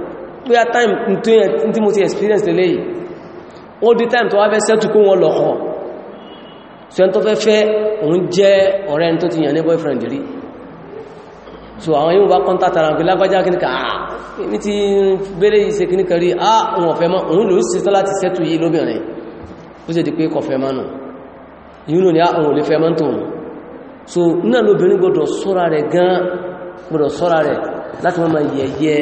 A: pé a time tí mo ti experience lè léyìí ó dí time tó wá fẹ́ sẹ́tù kó wọn lọ́kọ̀ so ẹni tó fẹ́ fẹ́ òun jẹ́ ọ̀rẹ́ ẹni tó ti yàn ní boyfriend rí so àwọn yíò bá contact ara pé lágbájá kíníkà ní ah, ti bẹ́rẹ̀ yìí ṣe kíníkà rí á ah, òun ọ̀fẹ́ mọ́ òun ló sì tán láti sẹ́tù yìí lóbìnrin ó sì di pé kọfẹ́ mánu yìí ní á ah, òun ò lè fẹ́ mọ́ tóun so náà lóbìnrin gbọdọ̀ sọ́ra rẹ̀ gan gbọdọ̀ sọ́ra rẹ̀ láti wọ́n máa yẹ̀yẹ́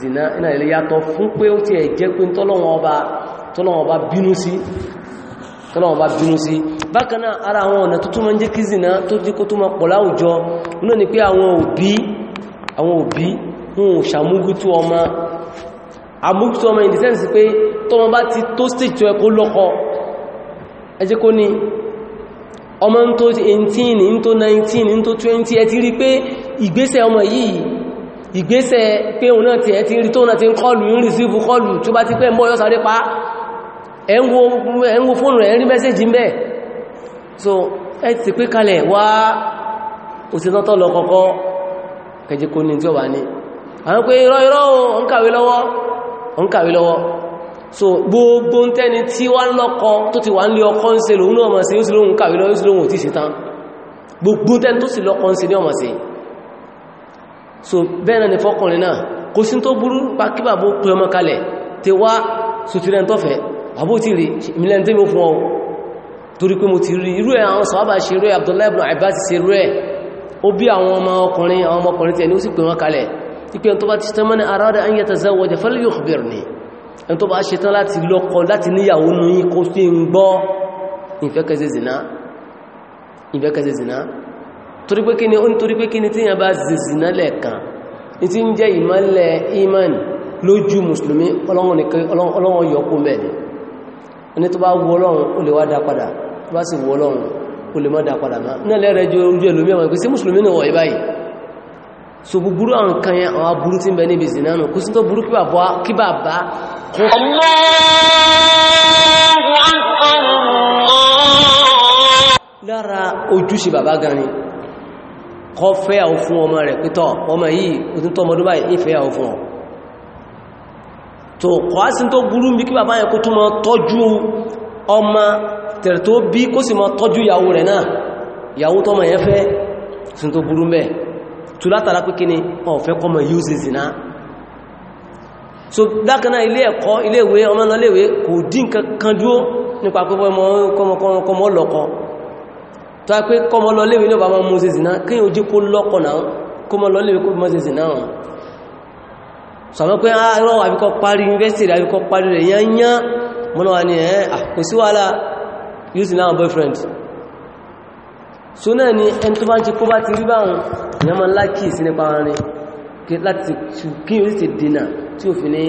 A: zina ina ilé yato fún pé ó ti ẹ̀ jẹ́ pé tọ́lọ́wọ́n ọba tọ́lọ́wọ́n ọba bínú sí tọ́lọ́wọ́n ọba bínú sí bákan náà ara àwọn ọ̀nà tó tún máa ń jẹ́ kí zina tó jẹ́ kó tó máa pọ̀ láwùjọ náà ni pé àwọn òbí àwọn òbí wọn ò ṣàmúgútú ọmọ àmúgútú ọmọ in the sense pé tọ́mọ bá ti tó stage tó ẹ kó lọ́kọ ẹ jẹ́ kó ní ọmọ ń tó 18 ń tó 19 ń tó 20 ẹ ti rí pé ìgbésẹ̀ ọmọ yìí ìgbésẹ̀ pé òun náà ti ẹ̀ ti rí tó náà ti ń kọlù ń rí sífù kọlù tó bá ti pẹ́ mọ́ yọ́sàrí pa ẹ̀nwò fóònù rẹ̀ rí mẹ́sẹ̀jì ń bẹ̀ so ẹ ti pé kalẹ̀ wá òsìtọ́tọ́ lọ kọ̀kọ́ kẹjíkó ní tí ó wà ní àwọn pé irọ́ irọ́ òun kàwé lọ́wọ́ òun so gbogbo ń tẹ́ni tí wá ń lọ́kọ tó ti wà ń lé ọkọ́ ń ṣe lòun náà mọ̀ sí ó sì lóhun kàwé lọ́wọ́ ó sì ò tí ì ṣetán gbogbo ń tẹ́ni tó sì lọ́kọ ń ṣe ní ọmọ sí so bẹ́ẹ̀ náà ni fọ́kùnrin náà kò sí tó burú pa kí bàbó pẹ ọmọ kalẹ̀ tí wá sùtìrẹ tọ́fẹ́ bàbó ti rí mílẹ̀ tí mo fún ọ torí pé mo ti rí irú ẹ̀ àwọn sàhábà ṣe rẹ̀ Abdullahi ibn arada an yatazawwaja falyukhbirni ẹni tó bá ṣe tán láti lọ́kọ láti níyàwó nù yí kó sí ń gbọ́ ìfẹ́kẹsẹ̀ zina torí pé kíni ó ń torí pé kíni tí yàn bá zìzìnà lẹ́ẹ̀kan ní tí ń jẹ́ ìmọ́lẹ̀ iman lójú mùsùlùmí ọlọ́wọ́ yọkú mẹ́ni ní tó bá wọ ọlọ́run ó lè wá dá padà tó bá sì wọ ọlọ́run ó lè má dá padà má náà lẹ́rẹ̀ jẹ́ ojú ẹlòmí àwọn ìpèsè mùsùlùmí ni wọ̀ ẹ̀ báyìí so búburú àwọn kan lára ojúṣe bàbá gan ni kọ́ fẹ́yàwó fún ọmọ rẹ̀ pítọ̀ ọmọ yìí òtúntọ́ ọmọdún báyìí ìfẹ́yàwó fún ọ tó kọ́ á sí tó gúrú bí kí bàbá yẹn kó tó mọ́ tọ́jú ọmọ tẹ̀rẹ̀ tó bí kó sì mọ́ tọ́jú ìyàwó rẹ̀ náà ìyàwó tọ́mọ yẹn fẹ́ sí tó gúrú mẹ́ tó látara pé kíni ọ̀fẹ́ kọmọ yóò sì zìnà tó a pé kọmọ lọ léwe ní ọba mọ́ mọ́sí zìná kí o jí kó lọ́kọ̀ náà kọmọ lọ léwe kó mọ́sí zìná wọn sọ̀rọ̀ pé àárọ̀ ah, àbíkọ́ parí university àbíkọ́ parí rẹ̀ yányá mọ́nà wà ní ẹ̀ eh, ah, kò sí wàhálà youth now boyfriend so náà ni ẹni tó bá ń ti kó bá ti rí báhùn ìyá ma láàkì sí nípa rin láti kí o sì dínà tí ò fi ní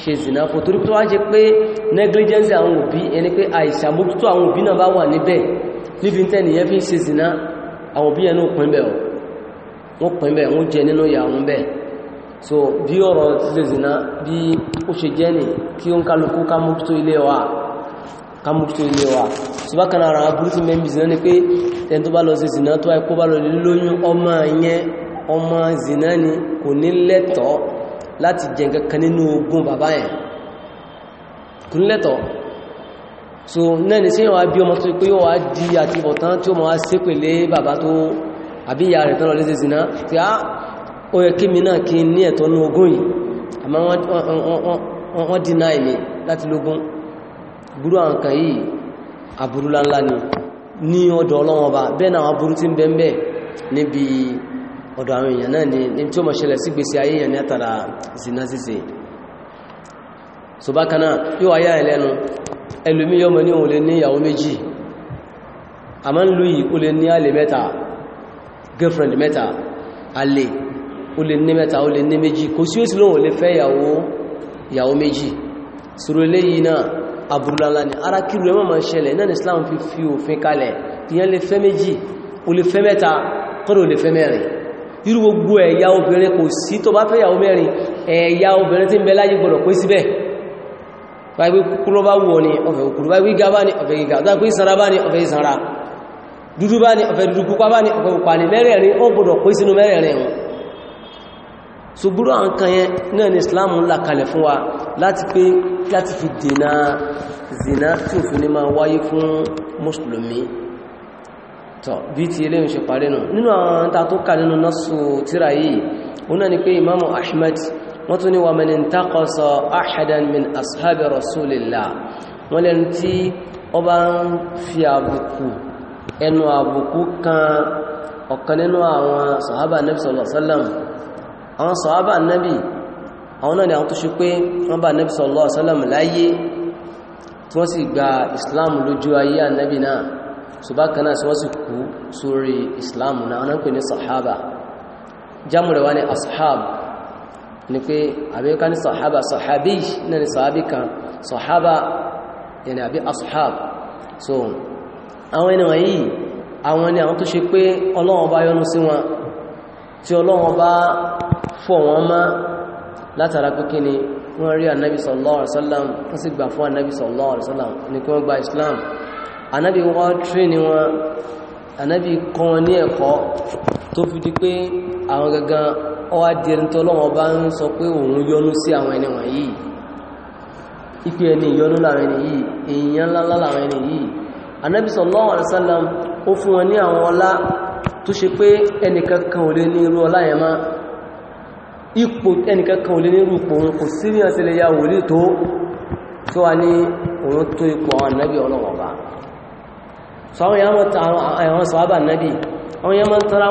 A: ṣe zìná kò torí tó wá jẹ pé negligence àwọn òbí ẹni pé àìsàmójútó àwọn òbí náà bá wà níbẹ̀ níbi tẹ́nìyàn fi ń ṣe zìná àwọn òbí ẹnu pín bẹ̀ wọ́n pín wọ́n jẹ nínú ìyà wọn bẹ̀ so bí ọ̀rọ̀ ṣe zìná bí ó ṣe jẹ́ nì kí ó ń kálukú ká ilé wa ká mójútó ilé ti mẹ́bí zìná ni pé ẹni tó bá lọ ṣe zìná tó àìkó bá lọ lóyún ọmọ yẹn ọmọ zìná ni kò ní lẹ́tọ̀ọ́ láti jẹ nǹkan kan nínú so naanị ni sí ìwọ̀n àbí ọmọ tó pé wà di àti ọ̀tán tí ó mọ̀ wá sí pèlé bàbá tó àbí ìyá rẹ̀ tán lọ lẹ́sẹ̀ síná tí á ó yẹ kí mi náà kí ní ẹ̀tọ́ ní ogún yìí wọ́n ni na ti ni ẹlòmí yọmọ ní òun lè ní ìyàwó méjì a ma ń lú yìí o lè ní alè mẹ́ta girlfriend mẹ́ta alè o lè ní mẹ́ta o lè ní méjì kò sí ó sí lóhun lè fẹ́ ìyàwó ìyàwó méjì sọ̀rọ̀ eléyìí náà aburulala ni ara kírù ẹmọ́ ma ṣẹlẹ̀ náà ni Islam fi fi òfin kalẹ̀ ìyàn lè fẹ́ méjì o lè fẹ́ mẹ́ta kọ́rọ̀ o lè fẹ́ mẹ́rin irú gbogbo ẹ̀yà obìnrin kò sí tó bá fẹ́ ìyàwó mẹ́rin ẹ̀yà obìnrin tí ń bẹ láyé gbọ́dọ̀ pé síbẹ̀ báyìí kúkúrú bá wù ní ọ̀fẹ́ òkúrú báyìí gíga bá ní ọ̀fẹ́ gíga tó pín sanra bá ní ọ̀fẹ́ ìsanra dúdú bá ní ọ̀fẹ́ dúdú pupa bá ní ọ̀fẹ́ pupa ní mẹ́rẹ̀ẹ̀rin ó gbọdọ̀ pín sínú mẹ́rẹ̀ẹ̀rin ni Islam ń là kalẹ̀ fún wa láti pé zina tí òfin ní máa wáyé fún mùsùlùmí tọ̀ bí ti eléyìn ṣe parí nù nínú àwọn wọ́n tún ní wà mẹ́ni takọ̀sọ̀ ahadan min ashabi rasulillah wọ́n lẹ́nu tí ó bá ń fi àbùkù ẹnu àbùkù kan ọ̀kan nínú àwọn sọ̀hábà nẹ́bì sọ̀lọ̀sọ́lọ̀m àwọn sọ̀hábà nẹ́bì àwọn náà ni àwọn tó ṣe pé wọ́n bá nẹ́bì sọ̀lọ̀sọ́lọ̀m láyé tí ni pé àbíká ní sọ̀hábà sọ̀hábí náà ni sọ̀hábí kan sọ̀hábà yẹni àbí asuhab so àwọn ẹni wọ̀nyí àwọn ni àwọn tó ṣe pé Ọlọ́run bá yọ́nú sí wọn tí Ọlọ́run bá fọ̀ wọn má látara pé kí ni wọ́n rí ànábì sallallahu alaihi wasallam wọ́n sì gbà fún ànábì sallallahu alaihi wasallam ní ọwá di ẹni tó lọ́wọ́ bá ń sọ pé òun yọnú sí àwọn ẹni wọ̀nyí ipe ẹni yọnú láwọn ẹni yìí èèyàn ńláńlá láwọn ẹni yìí Ànábì sallallahu alaihi wasallam ó fún wọn ní àwọn ọlá tó ṣe pé ẹnìkankan ò lè ní irú ọlá yẹn má ipò ẹnìkankan ò lè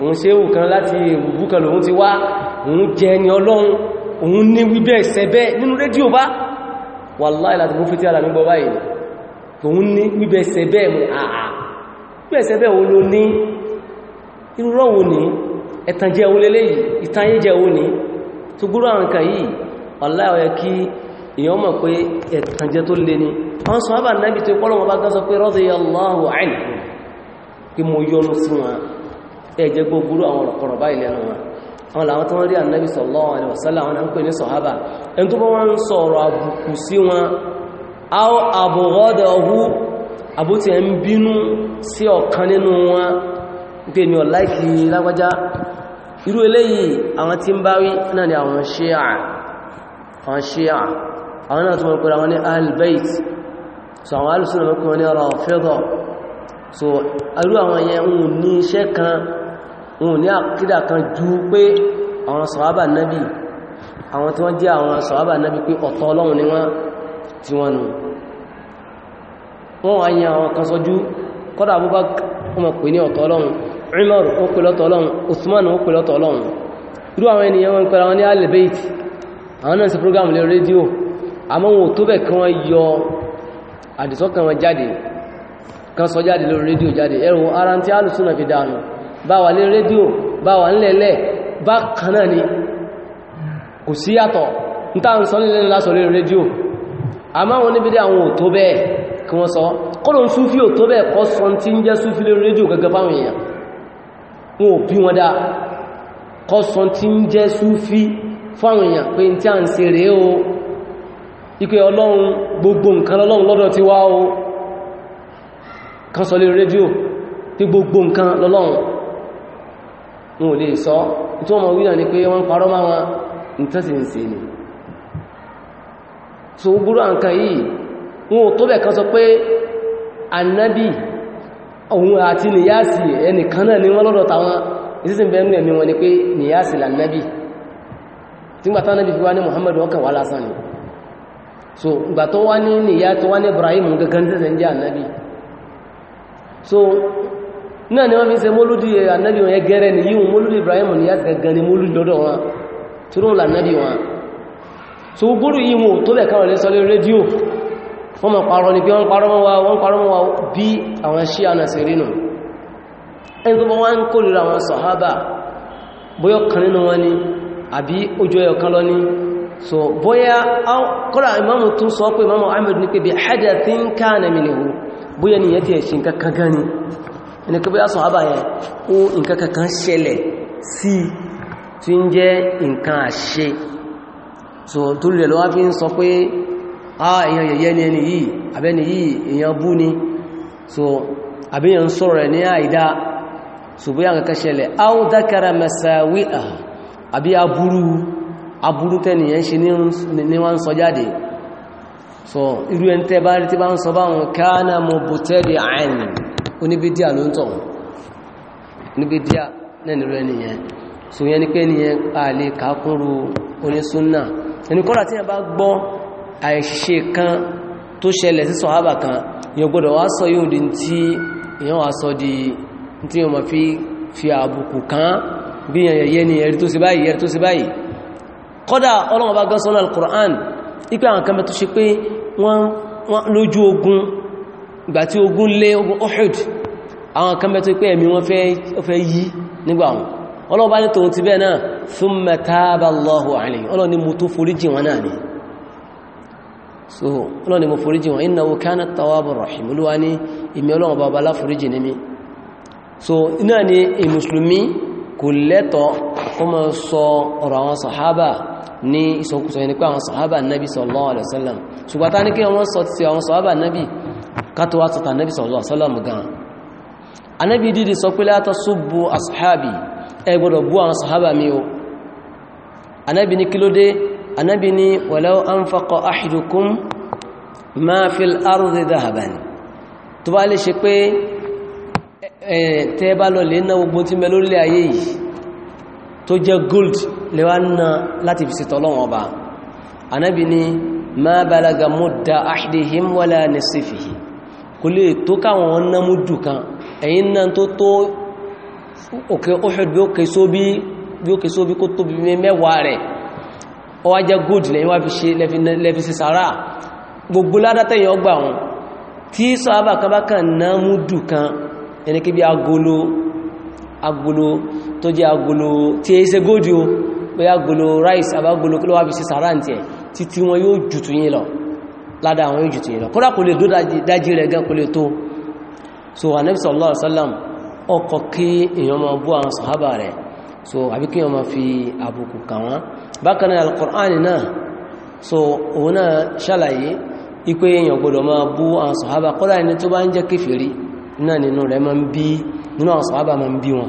A: òun ṣe òun kan láti ìrùbú kan lòun ti wá òun jẹ ẹni ọlọ́run òun ní wíbẹ̀ ìṣẹ́bẹ́ nínú rédíò bá wàláì láti mú fítí àlàmí gbọ́ báyìí òun ní wíbẹ̀ ìṣẹ́bẹ́ mú àà wíbẹ̀ ìṣẹ́bẹ́ òun ló ní irúrọ̀ wo ní ẹ̀tànjẹ́ owó lélẹ́yìí ìtànyẹ́jẹ́ owó ní tó gbúrò àwọn yìí wàláì E gbogburu àwọn ọ̀rọ̀kọ̀rọ̀ báyìí lẹ́nu wọn àwọn làwọn tó wọ́n rí ànábì sallallahu sọ wasallam àwọn àpè ní sọ̀hábà ẹni tó bá wọ́n ń sọ̀rọ̀ àbùkù sí wọn áwọ́ àbùgọ́dọ̀hú àbútí ẹ̀ si ọkan sí wọn ni àwọn wọn ní àkídà kan ju pé àwọn sọ̀hábà nábì àwọn tí wọ́n jẹ́ àwọn sọ̀hábà nábì pé ọ̀tọ̀ ọlọ́run ni wọ́n tí wọ́n nù wọ́n wá yan àwọn kan sọjú kọ́dà abúbá ọmọ pè ní ọ̀tọ̀ ọlọ́run Umar ó pè lọ́tọ̀ ọlọ́run Usman ó pè lọ́tọ̀ ọlọ́run irú àwọn ènìyàn wọn pẹ̀lú àwọn ní alibait àwọn náà sí program lé rédíò àmọ́ wọn ò tó bẹ̀ kan yọ àdìsọ́kàn wọn jáde kan sọ jáde lórí rédíò jáde ẹ̀rùn ara tí alùsùn náà fi dáa nù bá wà ní rédíò bá wà nílẹ̀lẹ̀ bá kaná ni kò sí yàtọ̀ ní tàà ń sọ nílẹ̀ lásọ lórí rédíò a máa wọn níbi dé àwọn òtó bẹ́ẹ̀ kí wọ́n sọ kọ́lọ̀ ń súfí òtó bẹ́ẹ̀ kọ́ sọ tí ń jẹ́ súfí lórí rédíò gẹ́gẹ́ fáwọn èèyàn wọn ò bí wọn dá gbogbo nǹkan lọ́lọ́run wọn ò lè sọ tí wọ́n mọ̀ wí náà ni pé wọ́n parọ́ máa wọn nítọ́sí ń se ni so gbúrú àǹkan yìí wọn ò tó bẹ̀ sọ pé annabi òun àti nìyásì ẹnìkan náà ni wọ́n lọ́dọ̀ táwọn ìsísìn ẹ̀mí wọn ni pé fi Muhammadu so náà ni wọ́n fi ṣe mólúdí eh, ànábì wọn ẹgẹrẹ ni yíò mólúdí Ibrahim ni yá gẹ̀gẹ̀ ni mólúdí lọ́dọ̀ wọn tí ó là náàbí wọn so gbórù yí mú tó lẹ̀ káwọn lè sọ lé rédíò wọ́n ma parọ́ ni pé wọ́n parọ́ mọ́ wa wọ́n parọ́ mọ́ wa bí àwọn ṣí àna sí rínú ẹni tó bọ́ wá ni yẹ́ ti ẹ̀ṣin kankan ni ẹni kí bóyá sọ̀hábà yẹn ó nǹkan kankan ṣẹlẹ̀ sí tí ń jẹ́ nǹkan àṣẹ so tó lè lọ́wọ́ fi ń sọ pé a èyàn yẹ̀yẹ́ ni ẹni yìí àbẹ́ni yìí èyàn bú ni so àbíyàn sọ̀rọ̀ ẹ̀ ní àìdá so bóyá kankan ṣẹlẹ̀ áwọ́ dákàrà mẹ́sàwí àbí aburú aburú tẹ́niyàn so irú ẹni tẹ́ bá rí tí bá ń sọ báwọn káánà mọ̀ bùtẹ́lì àìní oníbídíà ló ń tọ̀ oníbídíà náà nírú ẹni yẹn so yẹn ni pé ẹni yẹn a lè kàákúrú onísúnnà ẹni kọ́lá tí yẹn bá gbọ́ àìṣe kan tó ṣẹlẹ̀ sí sọ̀hábà kan yẹn gbọ́dọ̀ wá sọ yóò di tí èèyàn wá sọ di tí yẹn ma fi fi àbùkù kan wọ́n lójú ogun ìgbà tí ogun lé ogun Uhud àwọn kan mẹ́tọ́ pé ẹ̀mí wọn fẹ́ yí nígbà wọn ọlọ́ọ̀bá ní tòun ti bẹ́ẹ̀ náà thumma taba Allahu alayhi ọlọ́ọ̀ ni mo tó foríjì wọn náà ni so ọlọ́ọ̀ ní ìmì ọlọ́ọ̀ ní pé àwọn sàhábà nábì sallallahu alaihi wasallam ní kí wọ́n sọ ti àwọn sàhábà nábì kátó wá tọ́ta nẹ́bí sallallahu alaihi wasallam gan anẹ́bí dídí sọ pé la tasubbu ashabi ẹ gbọ́dọ̀ bú àwọn sàhábà mi o anẹ́bí ní kílódé anẹ́bí ní walau anfaqa ahadukum ma fil ardi dhahaban tó bá lè ma balaga mudda ahadihim wala nisifihi kò lè tó káwọn wọn ná múdù kan ẹ̀yìn náà tó tó òkè Uhud bí ó kè só bí kó tó bí mẹ́wàá rẹ̀ ó wá jẹ́ gold lẹ́yìn wá fi ṣe lẹ́fi sí sàárà gbogbo ládátẹ̀yìn ọgbà wọn tí sọ́ábà rice àbágolo kí ló wá fi sí sàárà ní tiẹ̀ títí wọn ládá àwọn yóò jù ti lọ kò lè dó dájí rẹ̀ gẹ́ kò lè tó so Ànábì sallallahu alaihi wasallam ọkọ̀ kí èèyàn máa bú àwọn sàhábà rẹ̀ so àbí kí èèyàn máa fi àbùkù kà wọ́n bákan náà al-Qur'an náà so òun náà ṣàlàyé ipé èèyàn gbọdọ̀ máa bú àwọn sàhábà kódà ẹni tó bá ń jẹ́ kéfèrí náà nínú rẹ̀ máa ń bí wọn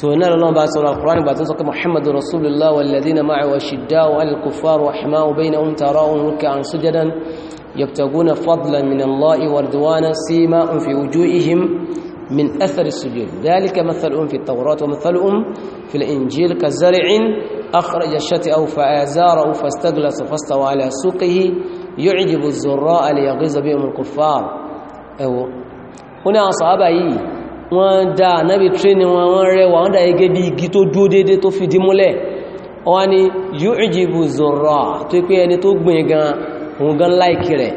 A: سوينا لهم بعد سورة القرآن بعد سورة محمد رسول الله والذين معه وشداء على الكفار وحماء بينهم تراهم ركعا سجدا يبتغون فضلا من الله وردوانا سيما في وجوههم من أثر السجود ذلك مثلهم في التوراة ومثلهم في الإنجيل كزرع أخرج الشتئه فآزاره فاستغلس فاستوى على سوقه يعجب الزراء ليغيظ بهم الكفار أو هنا صحابة إيه wọ́n dá ànábì tírénì wọn wọ́n rẹwà wọ́n dá igé bí igi tó dúó dédé tó fìdí múlẹ̀ wọ́n ni yu'jibu zurra tó pé ẹni tó gbìn gan òun láìkì rẹ̀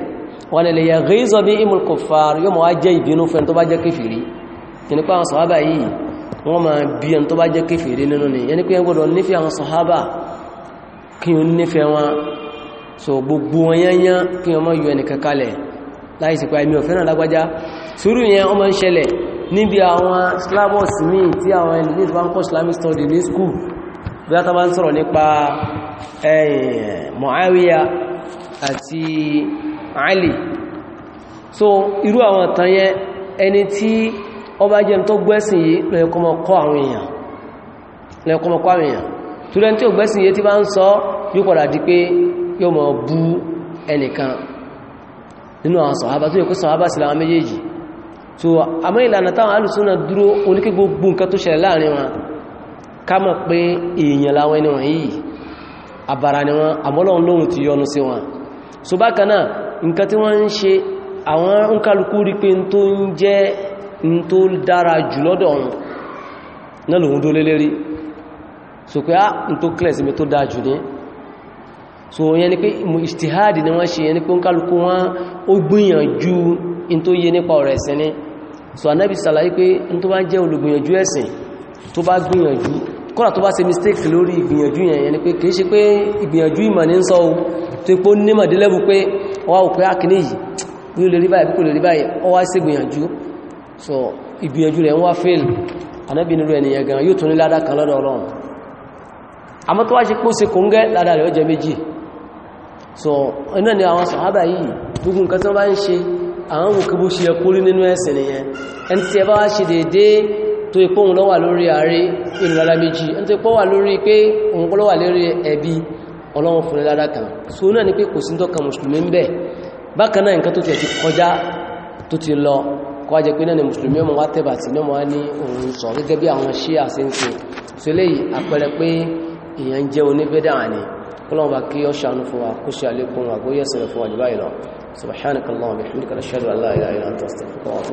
A: wọ́n ni lè yà ghizo bihimul kuffar yóò mọ̀ wá jẹ́ ìbínú fún ẹni tó bá jẹ́ kéfèrí yẹni ni yẹni pé gbọ́dọ̀ nífẹ̀ẹ́ àwọn sọ̀hábà so gbogbo wọn yányán kí wọ́n mọ́ yọ ẹnì kankalẹ̀ láìsí pé àmì òfin náà lágbájá níbi àwọn slavos míì tí àwọn ẹlùmí tó bá ń kọ́ islamic study ní school bí látà bá ń sọ̀rọ̀ nípa Muawiya àti Ali so irú àwọn tanyẹ ẹni tí ó bá jẹ́ tó gbẹ́sìn yìí lẹ́ẹ̀kọ́mọ̀kọ́ àwọn èèyàn tó rẹ̀ tí ó gbẹ́sìn yìí tí bá ń sọ yóò padà di pé yóò mọ̀ ẹnìkan nínú àwọn sọ̀hábá tó yẹ kó sọ̀hábá sí láwọn méjèèjì so àmọ́ ìlànà táwọn alùsúnà dúró oníkí ke nǹkan tó ṣẹlẹ̀ láàrin wọn ká mọ̀ pé èèyàn láwọn ẹni wọ̀nyí àbàrà ni wọn àmọ́lọ́run lóhun ti yọ́nú sí wọn so bákanáà nǹkan tí wọ́n ń ṣe àwọn ń kálukú rí pé tó ń jẹ́ ń tó dára jù lọ́dọ̀ so ah, a nto so anábi sàlàyé pé n tó bá jẹ́ olùgbìyànjú ẹ̀sìn tó bá gbìyànjú kọ́lá tó bá ṣe mistake lórí ìgbìyànjú yẹn yẹn ni pé kìí ṣe pé ìgbìyànjú ìmọ̀ ní sọ tó pó nímọ̀ délẹ́bù pé ọwá òpé àkíní ah, yìí bí ó lè rí báyìí bí kò lè rí báyìí ọwá sí gbìyànjú so ìgbìyànjú rẹ̀ ń wá fail anábi nílò ènìyàn gan yóò tún ní ládá kan lọ́dọ̀ ọlọ́run àmọ́ tó wá ṣe pósí kóńgẹ́ ládá rẹ̀ ó jẹ méjì so iná ni àwọn sàhábà yìí gbogbo nǹkan tí wọ́n bá ń ṣe àwọn òkè bó ṣe ẹkú rí nínú ẹ̀sìn nìyẹn ẹni tí ẹ bá ṣe dédé tó ipò òun lọ́wà lórí ààrẹ ìlú rárá méjì ẹni tó ipò wà lórí pé òun kọ́ lọ́wà lórí ẹbí ọlọ́run fún lára kan ni pé kò sí tọ́ka mùsùlùmí ń bẹ̀ bákan náà nǹkan tó ti kọjá ni mùsùlùmí ọmọ wá tẹ̀bà tí náà wá ní òun sọ gẹ́gẹ́ bí àwọn ṣíà kọlọ́wọ́ bá kí ó ṣàánú fún wa kó ṣe àlékún wa kó yẹ́sẹ̀rẹ̀ fún àjúbá ìlọ subhanakallahu wa bihamdika ashhadu an la ilaha illa anta astaghfiruka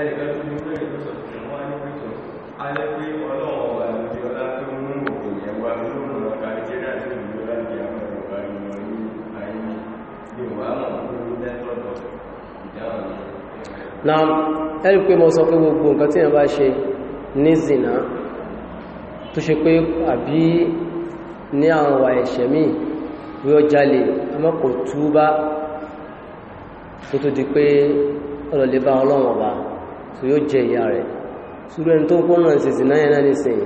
A: ẹnìkan tó ní pé ìtòsọ̀ wọ́n ní pẹ̀tọ̀ a jẹ́ pé ọlọ́run ọba àti ọlá tó mú òyìn ẹwà lóòrùn ọ̀ka nàìjíríà tó ń lò láti àwọn ọ̀gá ìmọ̀ ní ayé ní ìwà àwọn olórí lẹ́tọ̀ọ̀tọ̀ ìdáhùn ní na ẹ̀rí pé mo sọ pé gbogbo nǹkan tí èèyàn bá ṣe ní zina tó ṣe pé àbí ní àwọn ìwà ẹ̀ṣẹ̀ míì yóò jalè àmọ́ kò túbá tó tó di pé ọlọ̀lẹ́bá ọlọ́run ọba so yóò jẹ ìyá rẹ̀ ṣúgbẹ́ ẹni tó ń pọ́nà ṣèṣì náà náà nìsìn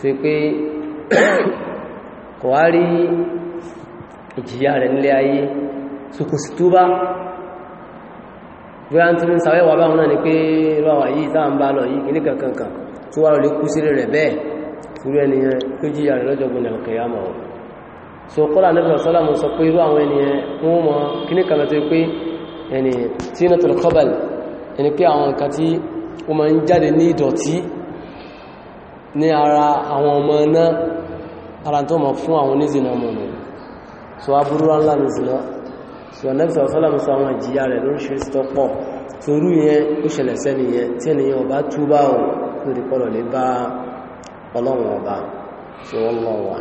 A: fi pé kò wá rí ìjìyà rẹ̀ nílé ayé so kò sì túbá bí wọ́n ti ń sàwẹ́wà báwọn náà ni pé lọ́wà yìí táà ń bá lọ yìí kìíní kankankan tó wà lórí kú sílé rẹ̀ bẹ́ẹ̀ irú ẹni ẹni pé àwọn nǹkan tí ó ma ń jáde ní ìdọ̀tí ní ara àwọn ọmọ náà ara tó mọ̀ fún àwọn onízìnà mọ̀nà so aburú ńlá ní ìzìnà so anẹ́bìsà ọ̀sọ́lámi sọ àwọn ìjìyà rẹ̀ lóríṣiríṣi tó pọ̀ torú yẹn ó ṣẹlẹ̀ sẹ́ni yẹn tí ènìyàn ọba túbá ò lórí so wọ́n lọ wà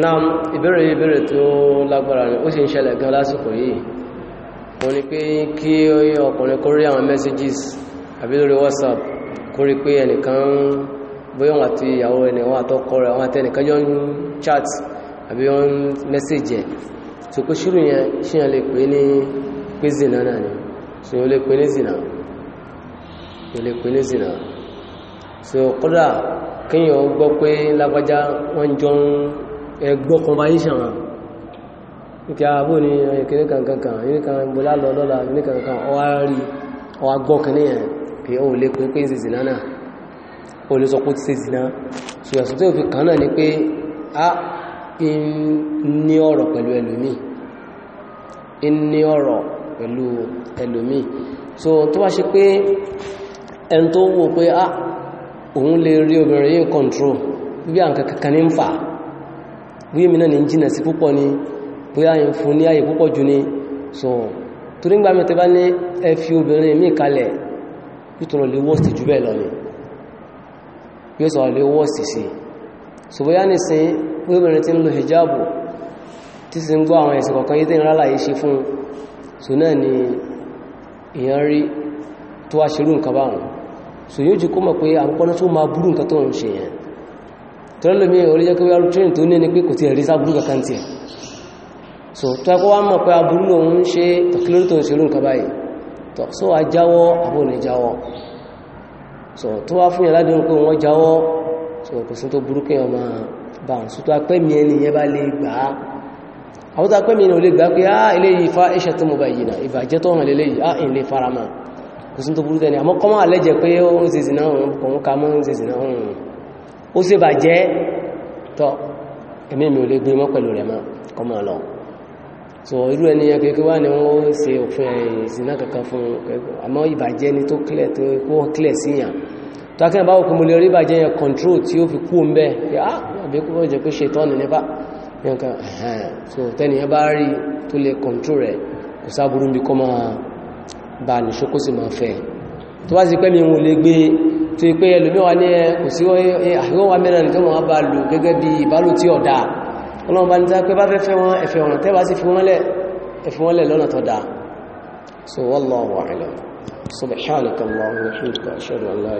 A: na ìbéèrè ìbéèrè tó lágbára ni ó sì ń ṣẹlẹ̀ gan lásìkò yìí mo ní pé kí ọkùnrin kó àwọn messages àbí lórí whatsapp kó pé ẹnìkan bóyá àti ìyàwó ẹni wọn àtọkọ àwọn jọ ń chat àbí wọn ń tó kó ṣírù yẹn ṣíyàn lè pè ní zina náà ni so yóò lè pè ní zina lè pè ní ẹgbọ́ conversation wa nke ààbò ní ẹ̀kẹ́rẹ́ kankankan ẹ̀kẹ́rẹ́ bọ́lá lọ lọ́la ẹ̀kẹ́rẹ́ ọwá rí ọwá gbọ́ kìíní ẹ̀ pé o lè pín pín ìsìnà náà o lè sọ pé ti sèzìnà ṣùgbọ́n tí o fi kàn náà ni pé a ní ọ̀rọ̀ pẹ̀lú ẹlòmíì ní ọ̀rọ̀ pẹ̀lú ẹlòmíì so tó wá ṣe pé ẹni tó a òun lè control bí i àǹkankan bóyá mi náà ní jìnà sí púpọ̀ ni bóyá yẹn fún ní ààyè púpọ̀ jù ni so torí gbà mẹ́ta bá ní ẹ fi obìnrin mí kalẹ̀ nítorọ̀ lè wọ́sì jù bẹ́ẹ̀ lọ ni yóò sọ lè wọ́sì ti ń hijabu tí sì ń gbọ́ àwọn ẹ̀sìn kọ̀ọ̀kan yìí tí ìran láàyè ṣe fún so náà ni èèyàn rí tó yóò jù kó mọ̀ pé àkọ́kọ́ náà tó máa burú nǹkan tó ń ṣe yẹn tọ́lọ́mí oríjẹ́ kí wọ́n tírín tó ní ní pé kò tí ẹ̀rí sáàbúrú kankan tí ẹ̀ so tó ẹkọ́ wá mọ̀ pé aburú lòun ń ṣe tọ̀kílórí tó ń ṣe lóǹkà báyìí tọ̀ so wá jáwọ́ àbóní jáwọ́ so tó wá fún ìyàládùn so kò sí tó burú kí ọmọ bá ń sọ́tọ́ apẹ́mì ẹni yẹn bá lè gbà á àwọn tó apẹ́mì ẹni ò ah, fa iṣẹ́ tó mọ̀ báyìí nà ìbàjẹ́ tó hàn lélẹ́yìí á ah, ìn lè fara mọ́ kò sí tó burú tẹ́ni àmọ́ ó sì bàjẹ́ tọ́ ẹ̀mí mi ò lè gbé mọ́ pẹ̀lú rẹ̀ mọ́ kọ́mọ lọ so irú ẹni yẹn kékeré wá ni wọ́n ṣe òfin ìsìnà kankan fún àmọ́ ìbàjẹ́ ni tó clear tó kó clear sí yàn tó akẹ́yìn báwo kò mo lè rí ìbàjẹ́ yẹn control tí ó fi kú ń bẹ́ẹ̀ pé ah àbí kó wọ́n jẹ́ pé ṣe tán nípa yẹn kan ẹ̀hẹ́n so tẹ́ni yẹn bá rí tó lè control rẹ̀ kò sáburú bí kọ́ máa bá nìṣó tó pé ẹlòmíwà ní ẹ eh, kò sí àwọn eh, eh, wà mẹ́rin tó wọ́n bá lò gẹ́gẹ́ bí ìbálò tí ọ̀dá ọlọ́run bá ní tá pé bá fẹ́ fẹ́ wọn ẹ̀fẹ́ wọn tẹ́bà sí fi lọ́nà tó